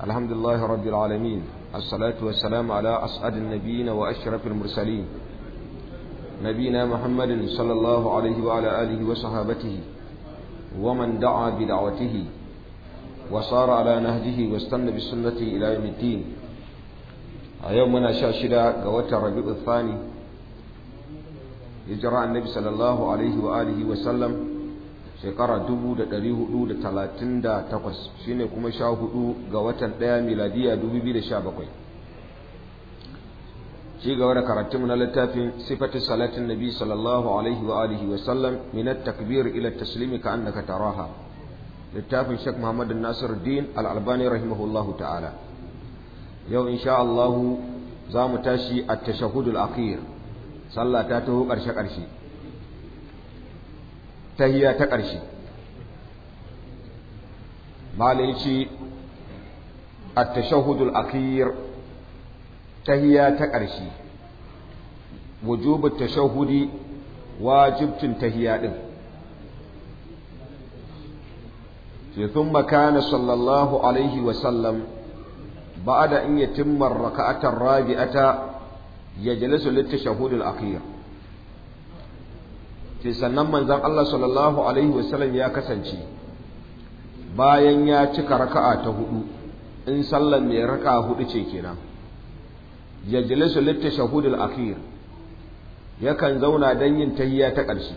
الحمد لله رب العالمين الصلاة والسلام على أسعد النبيين وأشرف المرسلين نبينا محمد صلى الله عليه وعلى آله وصحابته ومن دعا بدعوته وصار على نهجه واستنى بسنته إلى يوم الدين يومنا شاشدا قوات ربيع الثاني يجرى النبي صلى الله عليه وآله وسلم shekara takwas shine kuma sha hudu ga watan ɗaya miladiya 2017 ci gaba da karatun na littafin sifati salatin nabi sallallahu alaihi wa alihi wa sallam min takbir ila taslimi ka annaka taraha littafin Sheikh Muhammad din Al-Albani rahimahullahu ta'ala yau insha Allah za mu tashi at-tashahhudul akhir sallah ta taho karshe karshe tahiya ta ƙarshe malai ce at-tashahhudul akhir tahiya ta ƙarshe wujubut tashahhudi wajibcin tahiya din sai thumma kana sallallahu alaihi wa sallam ba'da an yatimma ar-rak'ata ar-rabi'ata yajlisu lit-tashahhudil akhir ce sannan manzan Allah sallallahu alaihi wasallam ya kasance bayan ya cika raka'a ta hudu in sallan mai raka'a hudu ce kenan yajlisu litta shahudul akhir yakan zauna don yin tahiya ta ƙarshe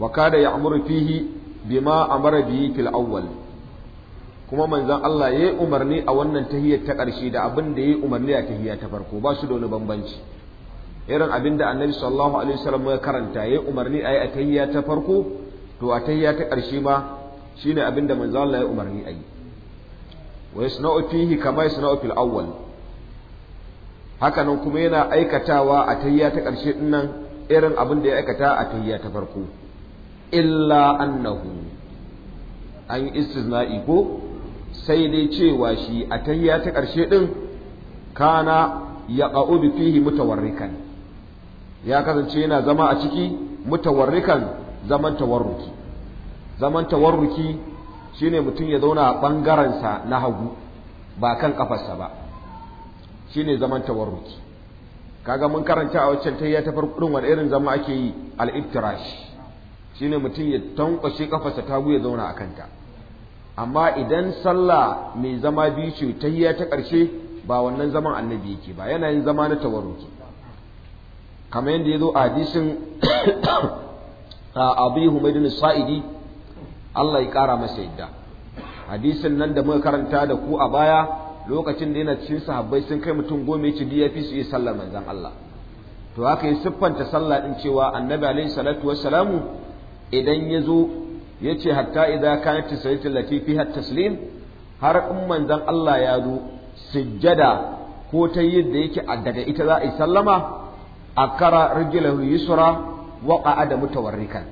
wa kada ya'muru fihi bima amara bihi fil awwal kuma manzan Allah ya yi umarni a wannan tahiyyar ta ƙarshe da abin da ya yi umarni a tahiyya ta farko ba su da wani bambanci irin abin da annabi sallallahu alaihi wasallam ya karanta yayin umarni ayi atayya ta farko to atayya ta ƙarshe ma shine abin da manzo Allah ya umarni ayi wa yasna'u fihi kama yasna'u fil awwal haka nan kuma yana aikatawa atayya ta ƙarshe nan, irin abin da ya aikata atayya ta farko illa annahu an istizna'i ko sai dai cewa shi atayya ta ƙarshe din kana ya ƙa'udu fihi mutawarrikan ya kasance yana zama a ciki mutawarrikan zaman tawarruki zaman tawarruki shine mutum ya zauna a ɓangarensa na hagu ba kan ƙafarsa ba shine zaman tawarruki kaga mun karanta a waccan ta ta farko wani irin zama ake yi al-iftirash shine mutum ya tankwashe ƙafarsa ta ya zauna a kanta amma idan sallah mai zama biyu ce ta ta ƙarshe ba wannan zaman annabi yake ba yana yin zama na tawarruki kamar yadda ya zo a hadisin abi humaydin sa'idi Allah ya kara masa yadda hadisin nan da muka karanta da ku a baya lokacin da yana cikin sahabbai sun kai mutum goma ya ci fi su yi sallar manzan Allah to haka ya siffanta sallah din cewa annabi alaihi salatu wassalamu idan ya zo ya ce hatta idza kanat tasallatu lati fiha taslim har in manzon Allah ya zo sujjada ko ta yadda yake daga ita za a yi sallama akara rijlahu yusra wa qa'ada mutawarrikan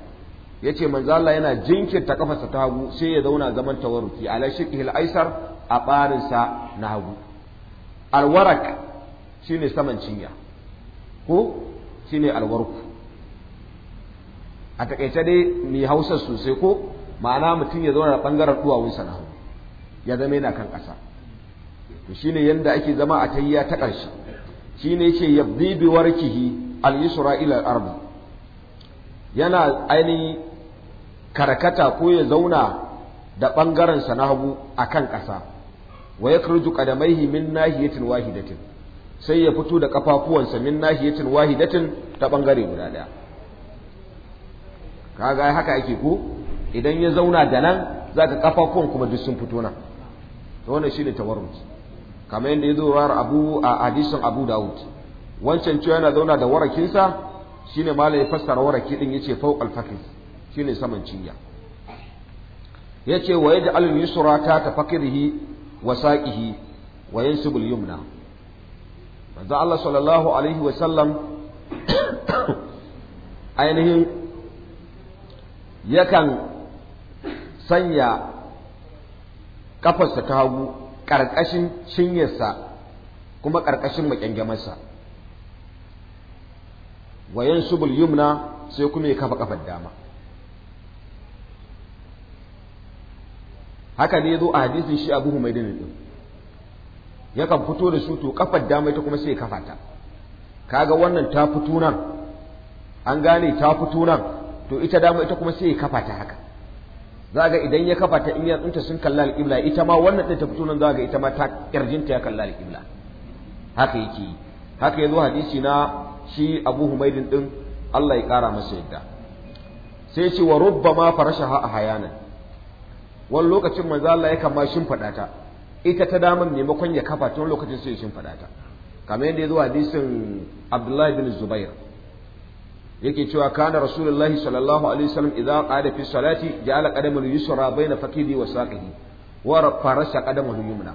yace manzo Allah yana jinkirta kafarsa ta hagu sai ya zauna zaman tawarruki ala shikhil aisar a barin sa na hagu alwarak shine saman cinya ko shine alwarku a takaice dai mai hausa sosai ko ma'ana mutum ya zauna bangaren duwawunsa na hagu ya zama yana kan ƙasa to shine yanda ake zama a tayya ta ƙarshe shine yace yabdi bi warkihi al yusra ila al ardi yana ainihin karkata ko ya zauna da bangaren sa na hagu akan ƙasa wa yakhruju qadamaihi min nahiyatin wahidatin sai ya fito da kafafuwansa min nahiyatin wahidatin ta bangare guda daya kaga haka ake ko idan ya zauna da nan zaka kafafuwan kuma duk sun fito nan to wannan shine tawarruj kamar yadda ya zo war abu a hadisin abu daud wancan cewa yana zauna da warakinsa shine malam ya fassara waraki din yace al fakis shine saman cinya yace wa yaj'al yusra ta tafakirihi wa saqihi wa al yumna manzo Allah sallallahu alaihi wa sallam ainihin yakan sanya kafarsa ta hagu ƙarƙashin cinyarsa kuma ƙarƙashin maƙyangyamarsa wayan subul yumna sai kuma ya kafa kafar dama haka ne zo a hadisin shi abu humaidin din yakan fito da su to kafar dama ita kuma sai ya kafa ta kaga wannan ta fito nan an gane ta fito nan to ita dama ita kuma sai ya kafa ta haka za ga idan ya kafa ta iya sun kalla al'ibla ita ma wannan ɗin ta fito nan za ga ita ma ta ƙirjinta ya kalla alƙibla haka yake yi haka ya hadisi na shi abu humaidin ɗin Allah ya ƙara masa yadda sai ce wa rubba ma shaha a hayanan wani lokacin manzo Allah ya kama fada ta ita ta daman maimakon ya kafa tun lokacin sai ya fada ta kamar yadda ya hadisin Abdullahi bin Zubair yake cewa kana rasulullahi sallallahu alaihi wasallam idza qada fi salati ja'ala qadamul yusra baina fakihi wa saqihi wa farasha qadamul yumna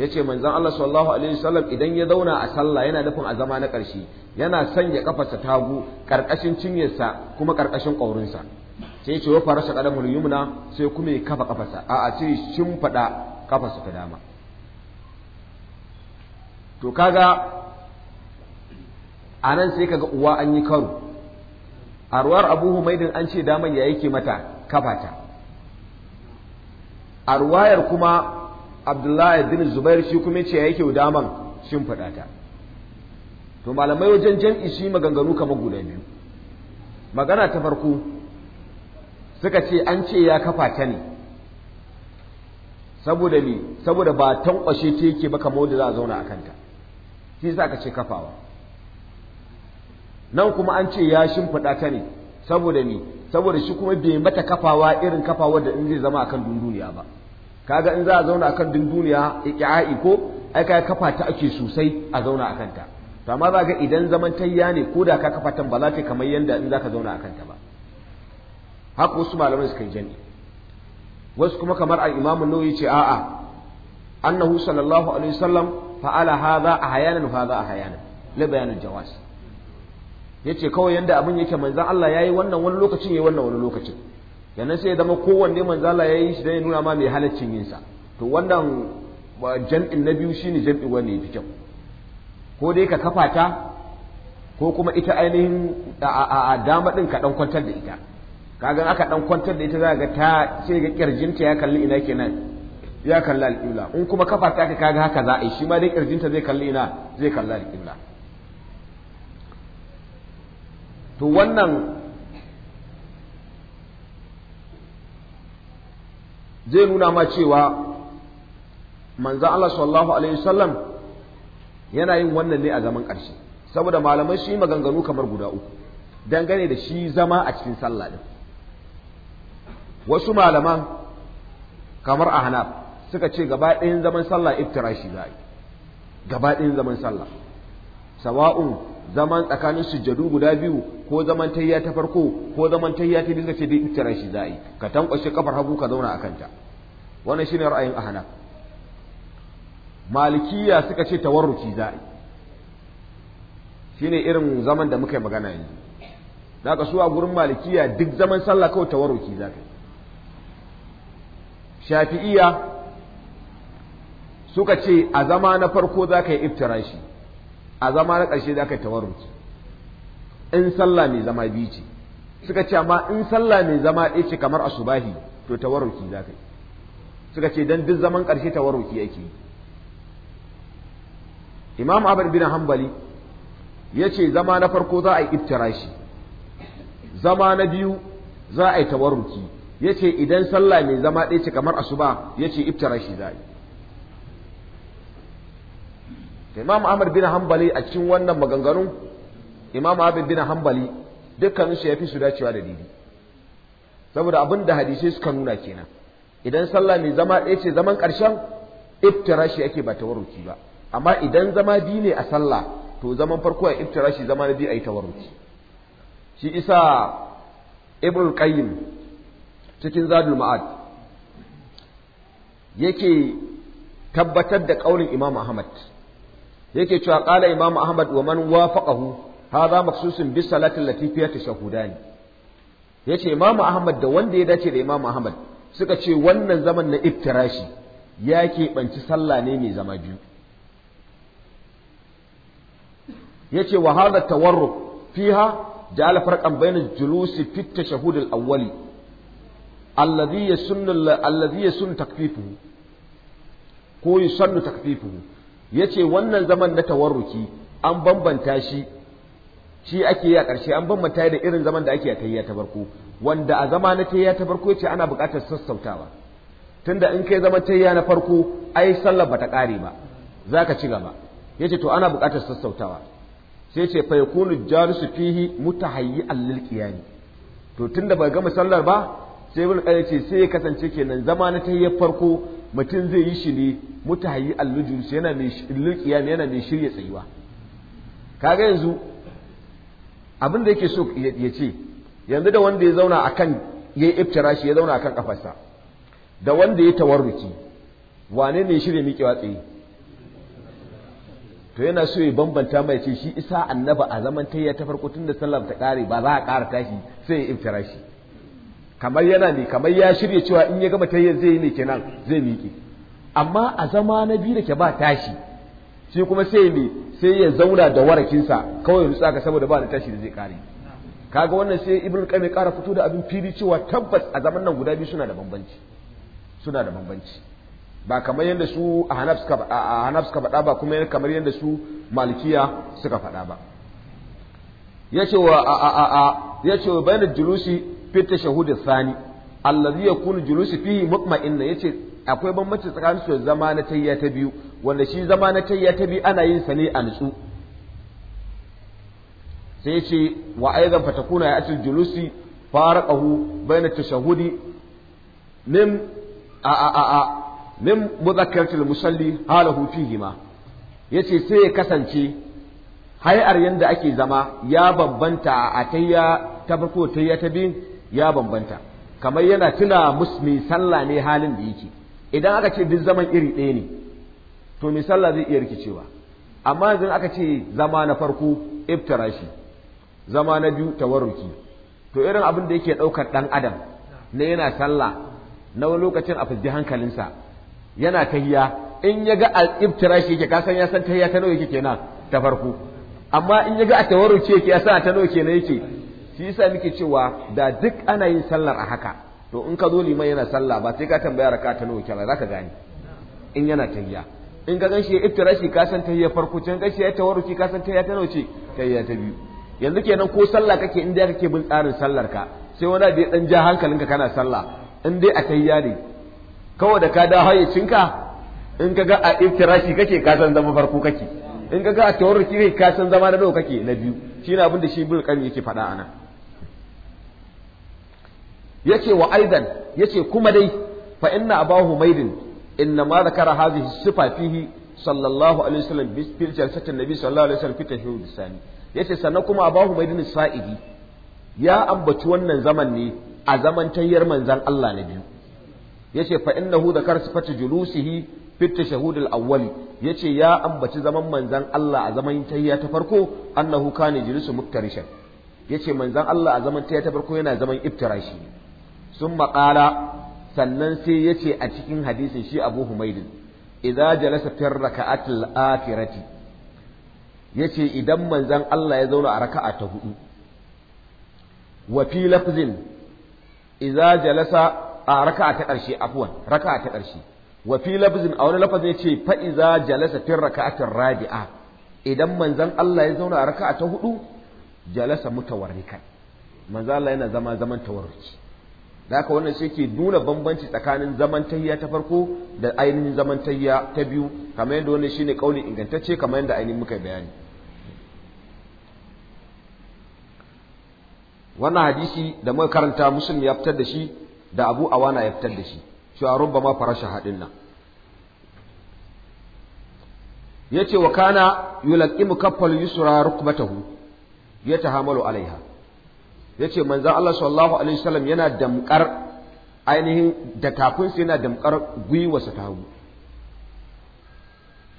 yace manzon Allah sallallahu alaihi wasallam idan ya zauna a sallah yana nufin azama na ƙarshe yana sanya kafarsa tagu karkashin cinyarsa kuma karkashin ƙaurinsa sai yace wa farasha qadamul yumna sai kuma ya kafa kafarsa a a ce shimfada kafarsa ta dama to kaga a nan sai ka ga uwa an yi karo a ruwar abu humaidin an ce daman ya yake mata kafata a ruwayar kuma abdullahi bin zubair shi kuma ce ya yake daman shin ta to malamai wajen jam'i shi maganganu kamar guda biyu magana ta farko suka ce an ce ya kafa ta ne saboda me saboda ba tankwashe ta yake ba kamar wanda za a zauna a kanta shi sa ka ce kafawa nan kuma an ce ya shimfiɗa ta ne saboda ni saboda shi kuma bai mata kafawa irin kafawa da in zai zama akan dunduniya ba kaga in za a zauna akan dunduniya iqa'i ko ai kai kafa ta ake sosai a zauna akan ta to amma za ga idan zaman tayya ne ko da ka kafa ta ba za ta kamar yanda in zaka zauna akan ta ba haka wasu malaman suka yi wasu kuma kamar al-Imam an-Nawawi ce a'a annahu sallallahu alaihi wasallam fa'ala hadha ahyanan wa hadha ahyanan la bayanul jawaz yace kawai yadda abin yake manzan Allah ya yi wannan wani lokacin ya yi wannan wani lokacin yannan sai ya zama kowanne manzan Allah yi shi don ya nuna ma mai halaccin yin sa to wannan jam'in na biyu shine jam'in wanda fi kyau ko dai ka kafa ta ko kuma ita ainihin a dama din ka ɗan kwantar da ita kaga aka ɗan kwantar da ita za ga ta sai ga ƙirjinta ya kalli ina kenan ya kalli alƙibla in kuma kafa ta ka kaga haka za a yi shi ma dai ƙirjinta zai kalli ina zai kalli alƙibla to wannan zai nuna ma cewa manzan Allah sallallahu alaihi wasallam yana yin wannan ne a zaman ƙarshe saboda malamai shi maganganu kamar guda uku dangane da shi zama a cikin sallah ɗin, wasu malaman kamar ahnaf suka ce gaba ɗayan zaman sallah iftirashi za a yi gaba ɗayan zaman sallah sawa'un zaman tsakanin sujjadu guda biyu ko zaman tayya ta farko ko zaman tayya ta biyu sai dai ittara shi za'i ka tankwashe kafar hagu ka zauna akan ta wannan shine ra'ayin ahana malikiya suka ce tawarruki za'i shine irin zaman da muka yi magana yanzu zaka su a gurin malikiya duk zaman sallah kawai tawarruki zaka shafi'iya suka ce a zama na farko zaka yi iftirashi a zama na ƙarshe da aka tawarruci in sallah mai zama biyu ce suka ce amma in sallah mai zama ɗaya ce kamar asubahi to tawarruki za ka yi suka ce don duk zaman ƙarshe tawarruki yake yi imam abu bin hanbali ya ce zama na farko za a yi iftirashi zama na biyu za a yi tawarruki ya ce idan sallah mai zama ɗaya ce kamar asuba ya ce iftirashi za a yi imam ahmad bin hanbali a cikin wannan maganganun imam Abin bin hanbali dukkanin ya fi su dacewa da didi saboda abin da hadisai suka nuna kenan idan sallah mai zama ɗaya ce zaman ƙarshen shi ake ba tawarruki ba amma idan zama biyu ne a sallah to zaman farko a shi zama na biyu a yi tawarruki shi isa ibn qayyim cikin zadul ma'ad yake tabbatar da ƙaunin imam ahmad yake cewa qala imamu ahmad wa man wafaqahu hadha maqsusun bi salati ta shahudani. tashahudani yace imamu ahmad da wanda ya dace da imamu ahmad suka ce wannan zaman na iftirashi ya banci sallah ne mai zama biyu yace wa hadha tawarruk fiha ja'ala farqan bayna julusi fi tashahhud al-awwali alladhi yasunnu alladhi yasunnu takfifuhu ko takfifuhu yace wannan zaman na tawarruki an bambanta shi shi ake yi a ƙarshe an bambanta da irin zaman da ake a tayya ta farko wanda a zama na tayya ta farko yace ana buƙatar sassautawa tunda in kai zaman tayya na farko ai sallar bata ƙare ba zaka ci gaba yace to ana buƙatar sassautawa sai ce fa yakunu jalisu fihi mutahayyi'an lil qiyam to tunda bai gama sallar ba sai ibn qayyim ce sai ya kasance kenan zama na tayya farko mutum zai yi shi ne mutahayi allujus yana mai ne, yana mai shirya tsayuwa kaga yanzu abin da yake so ya ce yanzu da wanda ya zauna akan ya yi shi ya zauna akan kafarsa da wanda ya tawarruki wane ne shirya miƙewa tsaye to yana so ya bambanta mai ce shi isa annaba a zaman tayya ta farko tun da sallam ta kare ba za a kara tashi sai ya shi kamar yana ne kamar ya shirya cewa in ya gama tayyar zai yi ne kenan zai miƙe amma a zama na biyu da ke ba tashi shi kuma sai me sai ya zauna da warakinsa kawai rutsa ka saboda ba da tashi da zai kare kaga wannan sai ibnu qayyim ya kara fito da abin fili cewa tabbas a zaman nan guda biyu suna da bambanci suna da bambanci ba kamar yadda su a hanaf suka a suka faɗa ba kuma kamar yadda su malikiya suka faɗa ba yace wa a a a yace wa Bayan julusi fi shahudin sani allazi yakunu julusu fihi ya yace akwai bambanci tsakanin su zama na tayya ta biyu wanda shi zama na tayya ta biyu ana yin sa ne a nutsu sai yace wa aidan fatakuna ya atil julusi faraqahu bayna tashahudi min a a a min mudhakkaratil musalli halahu fihi ma yace sai ya kasance hay'ar yanda ake zama ya bambanta a tayya ta farko tayya ta biyu ya bambanta kamar yana tuna musmi sallah ne halin da yake idan aka ce duk zaman iri ɗaya ne to mai sallah zai iya rikicewa amma yanzu aka ce zama na farko iftirashi zama na biyu tawarruki to irin abin da yake ɗaukar ɗan adam na yana sallah na wani lokacin a fusdi hankalinsa yana tahiya in ya ga al-iftirashi yake kasan ya san tahiya ta nawa yake kenan ta farko amma in ya ga a tawarruki yake ya san ta nawa kenan yake shi yasa muke cewa da duk ana yin sallar a haka to in ka zo liman yana sallah ba sai ka tambaya raka ta nawa kira zaka gane in yana tahiyya in ka ganshi iftirashi ka san tahiyya farko can ganshi ya tawarruki ka san tahiyya ta nawa ce tahiyya ta biyu yanzu kenan ko sallah kake in dai kake bin tsarin sallar ka sai wani da ya dan ja hankalinka kana sallah in dai a tahiyya ne kawai da ka dawo hayyacinka in ka ga a iftirashi kake ka san zama farko kake in ka ga a tawarruki kake ka san zama na nawa kake na biyu Shi ne abin da shi bin kan yake faɗa anan yace wa aidan yace kuma dai fa inna abahu maidin inna ma zakara hadhihi sifa fihi sallallahu alaihi wasallam bi jalsatin nabi sallallahu alaihi wasallam fi tashhud sani yace sannan kuma abahu maidin sa'idi ya ambaci wannan zaman ne a zaman tayyar manzan Allah na biyu yace fa innahu zakara su julusihi fi tashahud al-awwal yace ya ambaci zaman manzan Allah a zaman tayya ta farko annahu kana jilisu muftarishan yace manzan Allah a zaman tayya ta farko yana zaman iftirashi sun maƙala sannan sai ya ce a cikin hadisin shi abu humaidin idza jalasa fi raka'atil akhirati yace idan manzon Allah ya zauna a raka'a ta hudu wa fi lafzin idza jalasa a raka a ta karshe raka a ta karshe wa fi lafzin a wani lafazin ce fa idza jalasa fi raka'atir rabi'a idan manzon Allah ya zauna a raka'a ta hudu jalasa mutawarrikan manzon Allah yana zama zaman tawarruki da haka wannan shi ke nuna bambanci tsakanin zaman tahiya ta farko da ainihin zaman tahiya ta biyu kamar yadda wannan shine kauli ingantacce kamar yadda ainihin muka bayani wannan hadisi da muka karanta muslim ya fitar da shi da abu awana ya fitar da shi cewa ma farasha hadin nan yace wa kana yulaqimu kaffal yusra rukbatahu yatahamalu alaiha yace manzon Allah sallallahu alaihi wasallam yana damkar ainihin da tafin sa yana damkar gwiwa ta hagu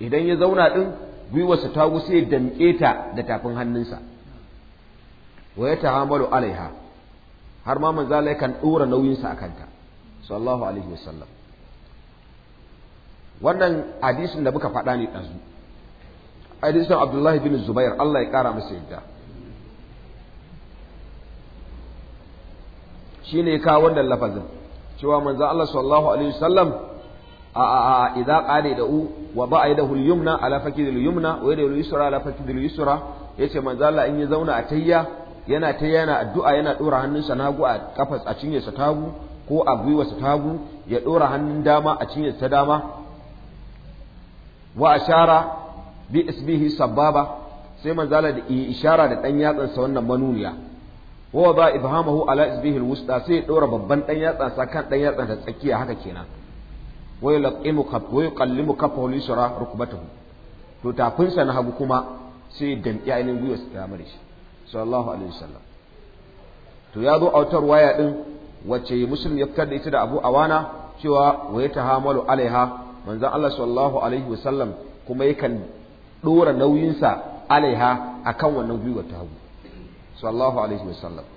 idan ya zauna din gwiwa ta hagu sai ya damke ta da tafin hannunsa wa ya tahamalu alaiha har ma manzo Allah kan dora nauyinsa a kanta sallallahu alaihi wasallam wannan hadisin da muka faɗa ne ɗazu hadisin Abdullahi bin Zubair Allah ya ƙara masa yadda Shi ne ka wannan lafazin cewa manzo Allah sallallahu alaihi wasallam a a idza qala da u wa ba yadahu al-yumna ala al yumna wa yadahu al-yusra ala al yusra yace manzo Allah in ya zauna a tayya yana tayya yana addu'a yana dora hannunsa na a kafas a cinye sa tagu ko a gwiwa sa tagu ya dora hannun dama a cinye sa dama wa ashara bi isbihi sababa sai manzo Allah da ishara da dan yatsansa wannan manuniya wa ba ibhamahu ala isbihi alwusta sai dora babban dan yatsa sakan dan yatsa da tsakiya haka kenan wa yulaqimu kaf wa yuqallimu kafahu lisra rukbatahu to tafinsa na hagu kuma sai damƙi ainihin gwiwa su ta mare shi sallallahu alaihi wasallam to ya zo autar waya din wacce muslim ya fitar da ita da abu awana cewa wa ya tahamalu alaiha manzon Allah sallallahu alaihi wasallam kuma yakan dora sa alaiha akan wannan gwiwar ta hagu sallallahu alaihi wasallam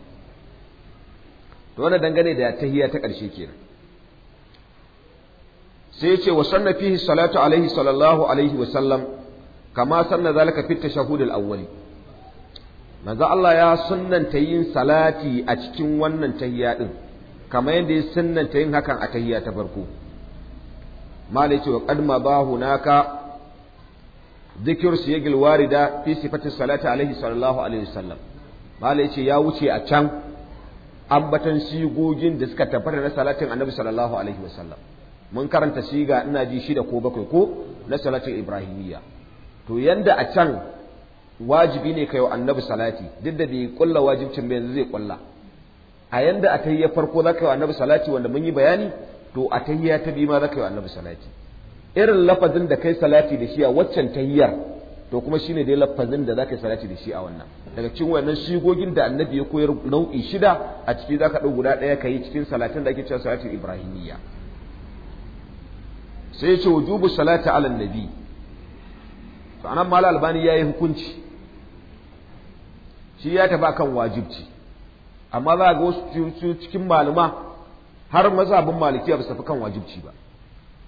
to wannan dangane da tahiyya ta ƙarshe kenan sai ya ce wa sanna fihi salatu alaihi sallallahu alaihi wasallam kama sanna zalika fi tashahhud al-awwali manzo Allah ya sunnanta yin salati a cikin wannan tahiyya din kamar yadda ya sunnanta yin hakan a tahiyya ta farko malai ce wa qad ba hunaka dhikr siyagil warida fi sifati salati alaihi sallallahu alaihi wasallam ya ce ya wuce a can ambatan sigogin da suka tabbata na salatin annabi sallallahu alaihi wasallam mun karanta siga ina ji shida ko bakwai ko na salatin ibrahimiyya to yanda a can wajibi ne kai wa annabi salati duk da bai kulla wajibcin bai yanzu zai kulla a yanda a tahiyya farko zaka yi wa annabi salati wanda mun yi bayani to a tahiyya ta biyu ma za yi wa annabi salati irin lafazin da kai salati da shi a waccan tahiyyar to kuma shine dai lafazin da zaka salati da shi a wannan daga cikin wannan shigogin da annabi ya koyar nau'i shida a ciki zaka dau guda ɗaya ka yi cikin salatin da ake cewa salatin ibrahimiyya sai ya ce wujubu salati ala nabi to anan mala albani yayi hukunci shi ya tafi akan wajibci amma za ga wasu cikin maluma har mazhabin malikiya ba su tafi kan wajibci ba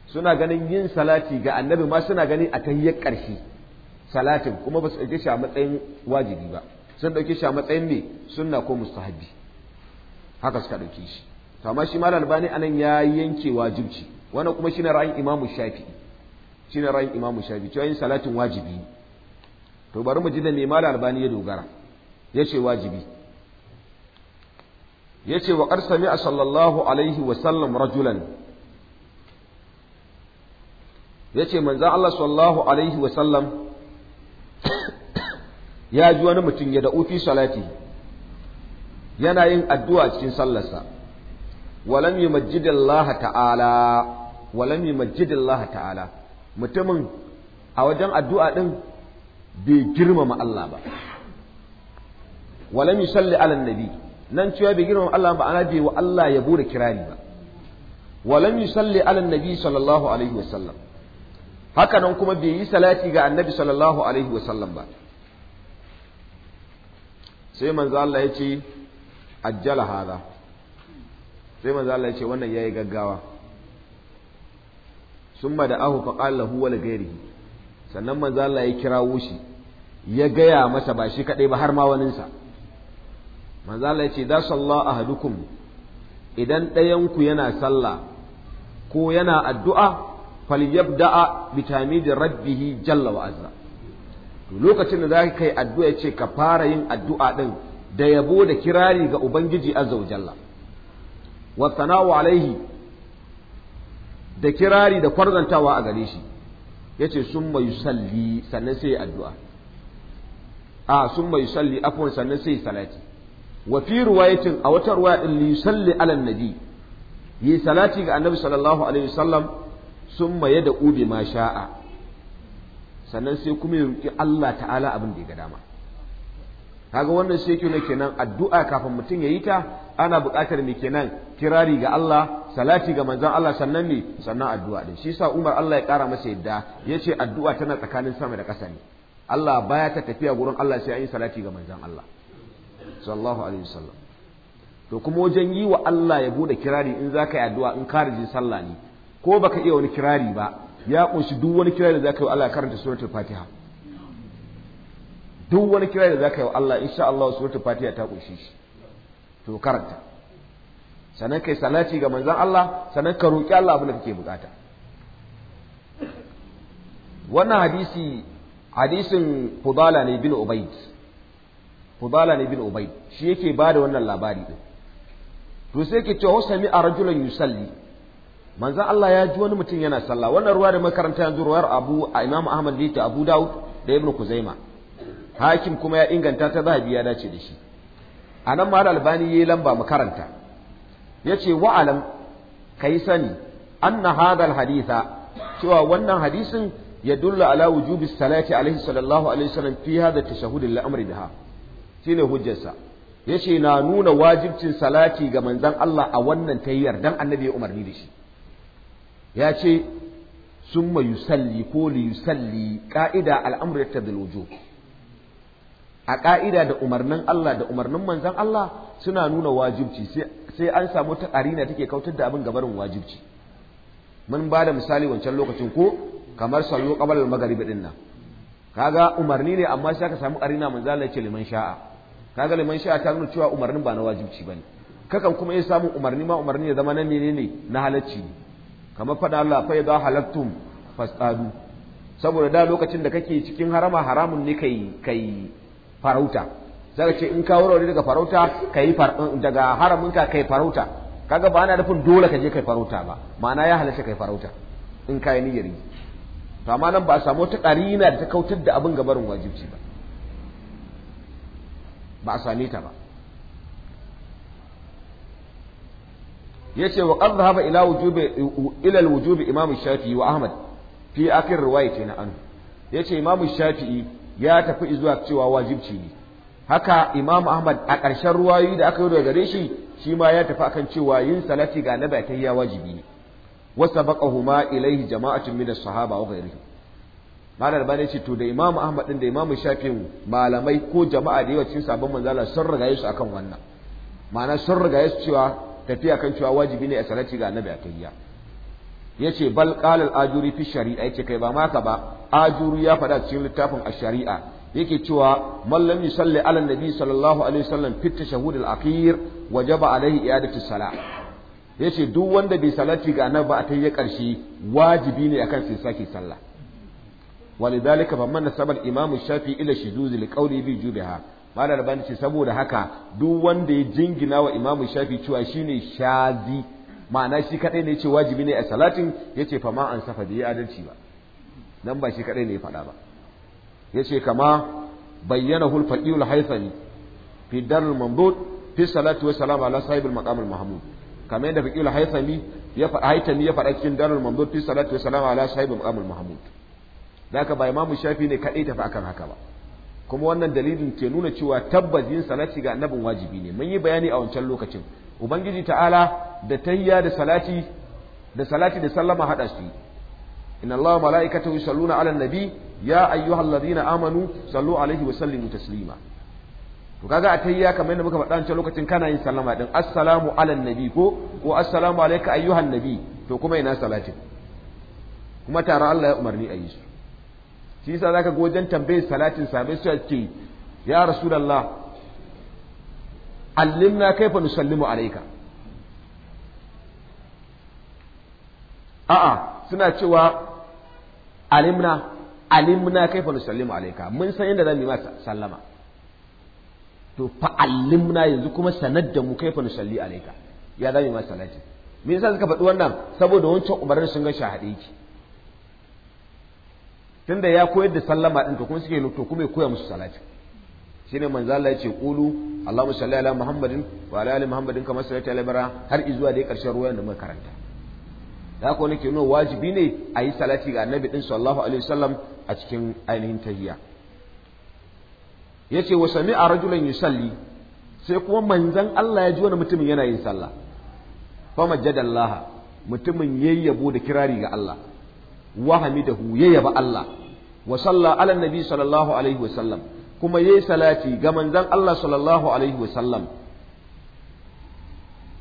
suna ganin yin salati ga annabi ma suna gani a tahiyyar ƙarshe salatin kuma ba su ɗauke shi a matsayin wajibi ba sun ɗauke shi a matsayin me sunna ko mustahabi haka suka ɗauke shi to amma shi malam albani anan ya yanke wajibci wannan kuma shine ra'ayin imamu shafi, shine ra'ayin imamu shafi'i cewa yin salatin wajibi to bari mu ji da me malam albani ya dogara yace wajibi yace wa qad sami'a sallallahu alaihi wa sallam rajulan ya yace manzo Allah sallallahu alaihi wa sallam ya ji wani mutum ya da fi salati yana yin addu'a cikin sallarsa walam laha ta'ala walam laha ta'ala mutumin a wajen addu'a din bai girmama Allah ba walam salli alan nabi nan cewa bai girmama Allah ba ana bai wa Allah ya bude kirari ba walam salli alan nabi sallallahu alaihi wasallam haka nan kuma bai yi salati ga annabi sallallahu alaihi wasallam ba sai manzo Allah ya ce ajjala hada sai manzo Allah ya ce wannan yayi gaggawa summa da ahu fa qala huwa li ghairihi sannan manzo Allah ya kirawo shi ya gaya masa ba shi kadai ba har ma waninsa manzo Allah ya ce da sallahu ahadukum idan ɗayanku yana sallah ko yana addu'a falyabda'a bi tamidi rabbih jalla wa azza lokacin da zaka kai addu'a ce ka fara yin addu'a din da yabo da kirari ga ubangiji azza wa jalla wa sana'u alaihi da kirari da kwarzantawa a gare shi yace summa yusalli sannan sai addu'a a summa yusalli afwan sannan sai salati wa fi riwayatin a wata riwaya din yusalli ala nabi yi salati ga annabi sallallahu alaihi wasallam sun maye da ubi ma sha'a sannan sai kuma ya roƙi Allah ta'ala abin da ya ga dama kaga wannan sai kyau kenan addu'a kafin mutum ya yi ta ana buƙatar me kenan kirari ga Allah salati ga manzon Allah sannan ne sannan addu'a din shi yasa Umar Allah ya ƙara masa yadda yace addu'a tana tsakanin sama da ƙasa ne Allah baya ta tafiya gurin Allah sai an yi salati ga manzon Allah sallallahu alaihi wasallam to kuma wajen yi wa Allah ya bude kirari in zaka yi addu'a in ka sallah ne ko baka iya wani kirari ba ya kunshi duk wani kirari da zaka yi Allah ya karanta suratul Fatiha duk wani kirari da zaka yi Allah insha Allah suratul Fatiha ta kunshi shi to karanta sannan kai salati ga manzon Allah sannan ka roki Allah abin da kake bukata wannan hadisi hadisin Fudala ne bin Ubayd Fudala ne bin Ubayd shi yake bada wannan labari din to sai ke cewa sami a rajulan yusalli manzon Allah ya ji wani mutum yana sallah wannan ruwa da makaranta yanzu ruwar Abu a Imam Ahmad da ta Abu Dawud da Ibn Kuzaima hakim kuma ya inganta ta zahabi ya dace da shi anan ma Albani yayi lamba makaranta yace wa alam kai sani anna hadal hadisa. cewa wannan hadisin ya dulla ala wujubi salati alaihi sallallahu alaihi wasallam fi hadha tashahhud lil amri biha shine hujjarsa yace na nuna wajibcin salati ga manzon Allah a wannan tayyar dan annabi ya umarni da shi ya ce summa yusalli ko li yusalli ka'ida al'amru da wujub a ƙa'ida da umarnin Allah da umarnin manzan Allah suna nuna wajibci sai an samu ta ƙarina take kautar da abin gabarin wajibci mun ba da misali wancan lokacin ko kamar sallo ƙabalar magaribi ɗin nan kaga umarni ne amma sai ka samu ƙarina manzon Allah ya ce liman sha'a kaga liman sha'a ta nuna cewa umarnin ba na wajibci ba ne kakan kuma iya samun umarni ma umarni ya zama na ne na halacci ne kamar faɗa Allah fa idza halaktum fasadu saboda da lokacin da kake cikin harama haramun ne kai kai farauta zaka ce in ka ne daga farauta kai eh, daga ka kai farauta kaga ba ana nufin dole ka je kai farauta ba ma'ana ya halatta kai farauta in ka yi niyyar yi to amma nan ba a samu ta ƙarina da ta kautar da abin gabarin wajibci ba ba a same ta ba yace wa qad dhahaba ila wujubi ila alwujubi wujubi shafi'i wa ahmad fi akhir na an yace imam shafi'i ya tafi zuwa cewa wajibci ne haka imam ahmad a ƙarshen ruwayoyi da aka yi daga gare shi shi ma ya tafi akan cewa yin salati ga annabi ta ya wajibi ne wa sabaqahuma ilayhi jama'atun min as-sahaba wa ghayrihim malar bane ce to da imam ahmad din da imam shafi'i malamai ko jama'a da yawa cikin sabon manzala sun riga su akan wannan ma'ana sun riga su cewa tafiya kan cewa wajibi ne a salati ga annabi atayya yace bal qala al ajuri fi shari'a yace kai ba maka ba ajuri ya faɗa cikin littafin a sharia yake cewa man lam yusalli ala nabi sallallahu alaihi wasallam fi tashahhud al akhir wajaba alaihi i'adatu salah yace duk wanda bai salati ga annabi ba a tayya karshe wajibi ne akan sai sake sallah ولذلك فمن نسب الإمام الشافعي إلى الشذوذ لقوله بوجوبها malar bani ce saboda haka duk wanda ya jingina wa imamu shafi cewa shine shazi ma'ana shi kadai ne ce wajibi ne a salatin yace fa ma an safa ya adalci ba nan ba shi kadai ne ya faɗa ba yace kama bayyana hul faqihul haythami fi darul mamdud fi salatu wa salam ala sahibul maqam al mahmud kama yadda faqihul haythami ya faɗa haythami ya faɗa cikin darul mamdud fi salatu wa salam ala sahibul maqam al mahmud da haka ba imamu shafi ne kadai tafi akan haka ba kuma wannan dalilin ke nuna cewa tabbas yin salati ga annabin wajibi ne mun yi bayani a wancan lokacin ubangiji ta'ala da tahiyya da salati da salati da sallama hada su inna allaha malaikatahu yusalluna ala nabi ya ayyuhalladhina amanu sallu alaihi wa sallimu taslima to kaga a tahiyya kamar yadda muka faɗa wancan lokacin kana yin sallama din assalamu ala nabi ko ko assalamu alayka ayyuhan nabi to kuma ina salatin kuma tara Allah ya umarni a yi su shi yasa zaka ga wajen tambayar salatin sahabbai su ce ya rasulullah allimna kaifa nusallimu alayka a'a suna cewa alimna alimna kaifa nusallimu alayka mun san yadda zamu yi masa sallama to fa allimna yanzu kuma sanar da mu kaifa nusalli alayka ya zamu yi masa salati me yasa suka faɗi wannan saboda wancan umarnin sun ga shahadi ki Tun da ya koyar da sallama ɗin to kuma suke to kuma ya koya musu salati shine manzo Allah ce qulu Allahumma salli ala Muhammadin wa ala ali Muhammadin kama sallaita ala Ibrahim har izuwa dai karshen ruwayan da muka karanta da haka nake nuna wajibi ne a yi salati ga annabi ɗin sallallahu alaihi wasallam a cikin ainihin tahiyya yace wa sami'a rajulan yusalli sai kuma manzon Allah ya ji wani mutumin yana yin sallah fa majjadallaha mutumin yayyabo da kirari ga Allah wa hamidahu ya yaba Allah wa salla ala nabi sallallahu alaihi wa sallam kuma yayi salati ga manzon Allah sallallahu alaihi wa sallam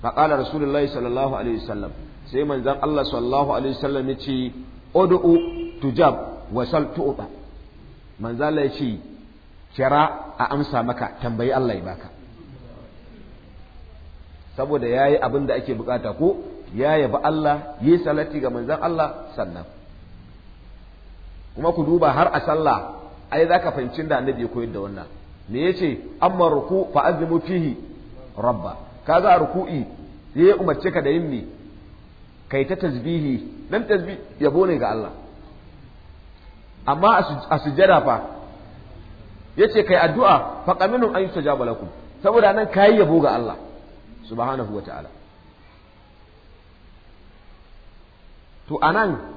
fa qala rasulullahi sallallahu alaihi wa sallam sai manzon Allah sallallahu alaihi wa sallam yace ud'u tujab wa sal tu'ta manzon Allah yace kira a amsa maka tambayi Allah ya baka saboda yayi abin da ake bukata ko ya yabi Allah yi salati ga manzon Allah sannan kuma ku duba har a sallah ai ka fahimci da annabi ya koyar da wannan me yace amma ruku fa azimu fihi rabba Ka kaza ruku'i sai yi umarce ka da yin me kai ta tasbihi dan tasbihi, yabo ne ga Allah amma a sujjada fa yace kai addu'a fa qaminu an yustajaba lakum saboda nan kai yabo ga Allah subhanahu wataala to anan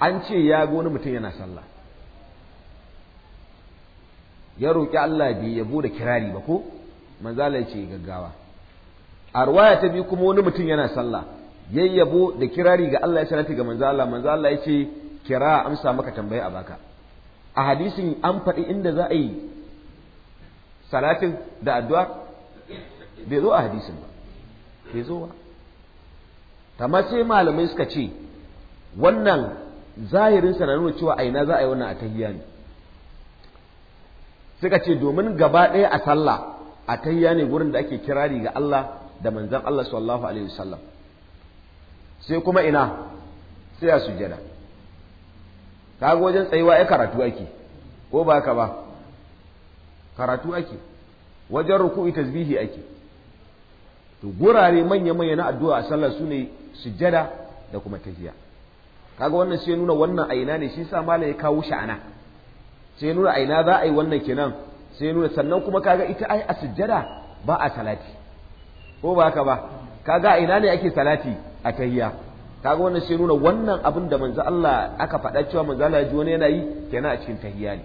an ce ya ga wani mutum yana sallah ya roƙi Allah bai yabo da kirari ba ko manzala ce gaggawa a ruwaya ta biyu kuma wani mutum yana sallah yayyabo da kirari ga Allah ya sanata ga manzala manzala ya ce kira amsa maka tambaye a baka a hadisin an faɗi inda za a yi salatin da addu'a bai zo a hadisin ba bai zo ba tamma sai malamai suka ce wannan zahirin sa na nuna cewa a ina za a yi wannan atahiyya ne suka ce domin gaba ɗaya a sallah atahiyya ne gurin da ake kirari ga Allah da manzon Allah sallallahu alaihi wasallam sai kuma ina sai a sujada kaga wajen tsayuwa ya karatu ake ko ba ka ba karatu ake wajen ruku'i tasbihi ake to gurare manya-manya na addu'a a sallar sune sujada da kuma tahiyya kaga wannan sai nuna wannan aina ne shi sa malai ya kawo sha'ana. sai nuna aina za a yi wannan kenan sai nuna sannan kuma kaga ita ai a sujjada ba a salati ko ba haka ba kaga aina ne ake salati a tahiya kaga wannan sai nuna wannan abin da manzo Allah aka faɗa cewa manzo Allah ji wani yana yi kenan a cikin tahiya ne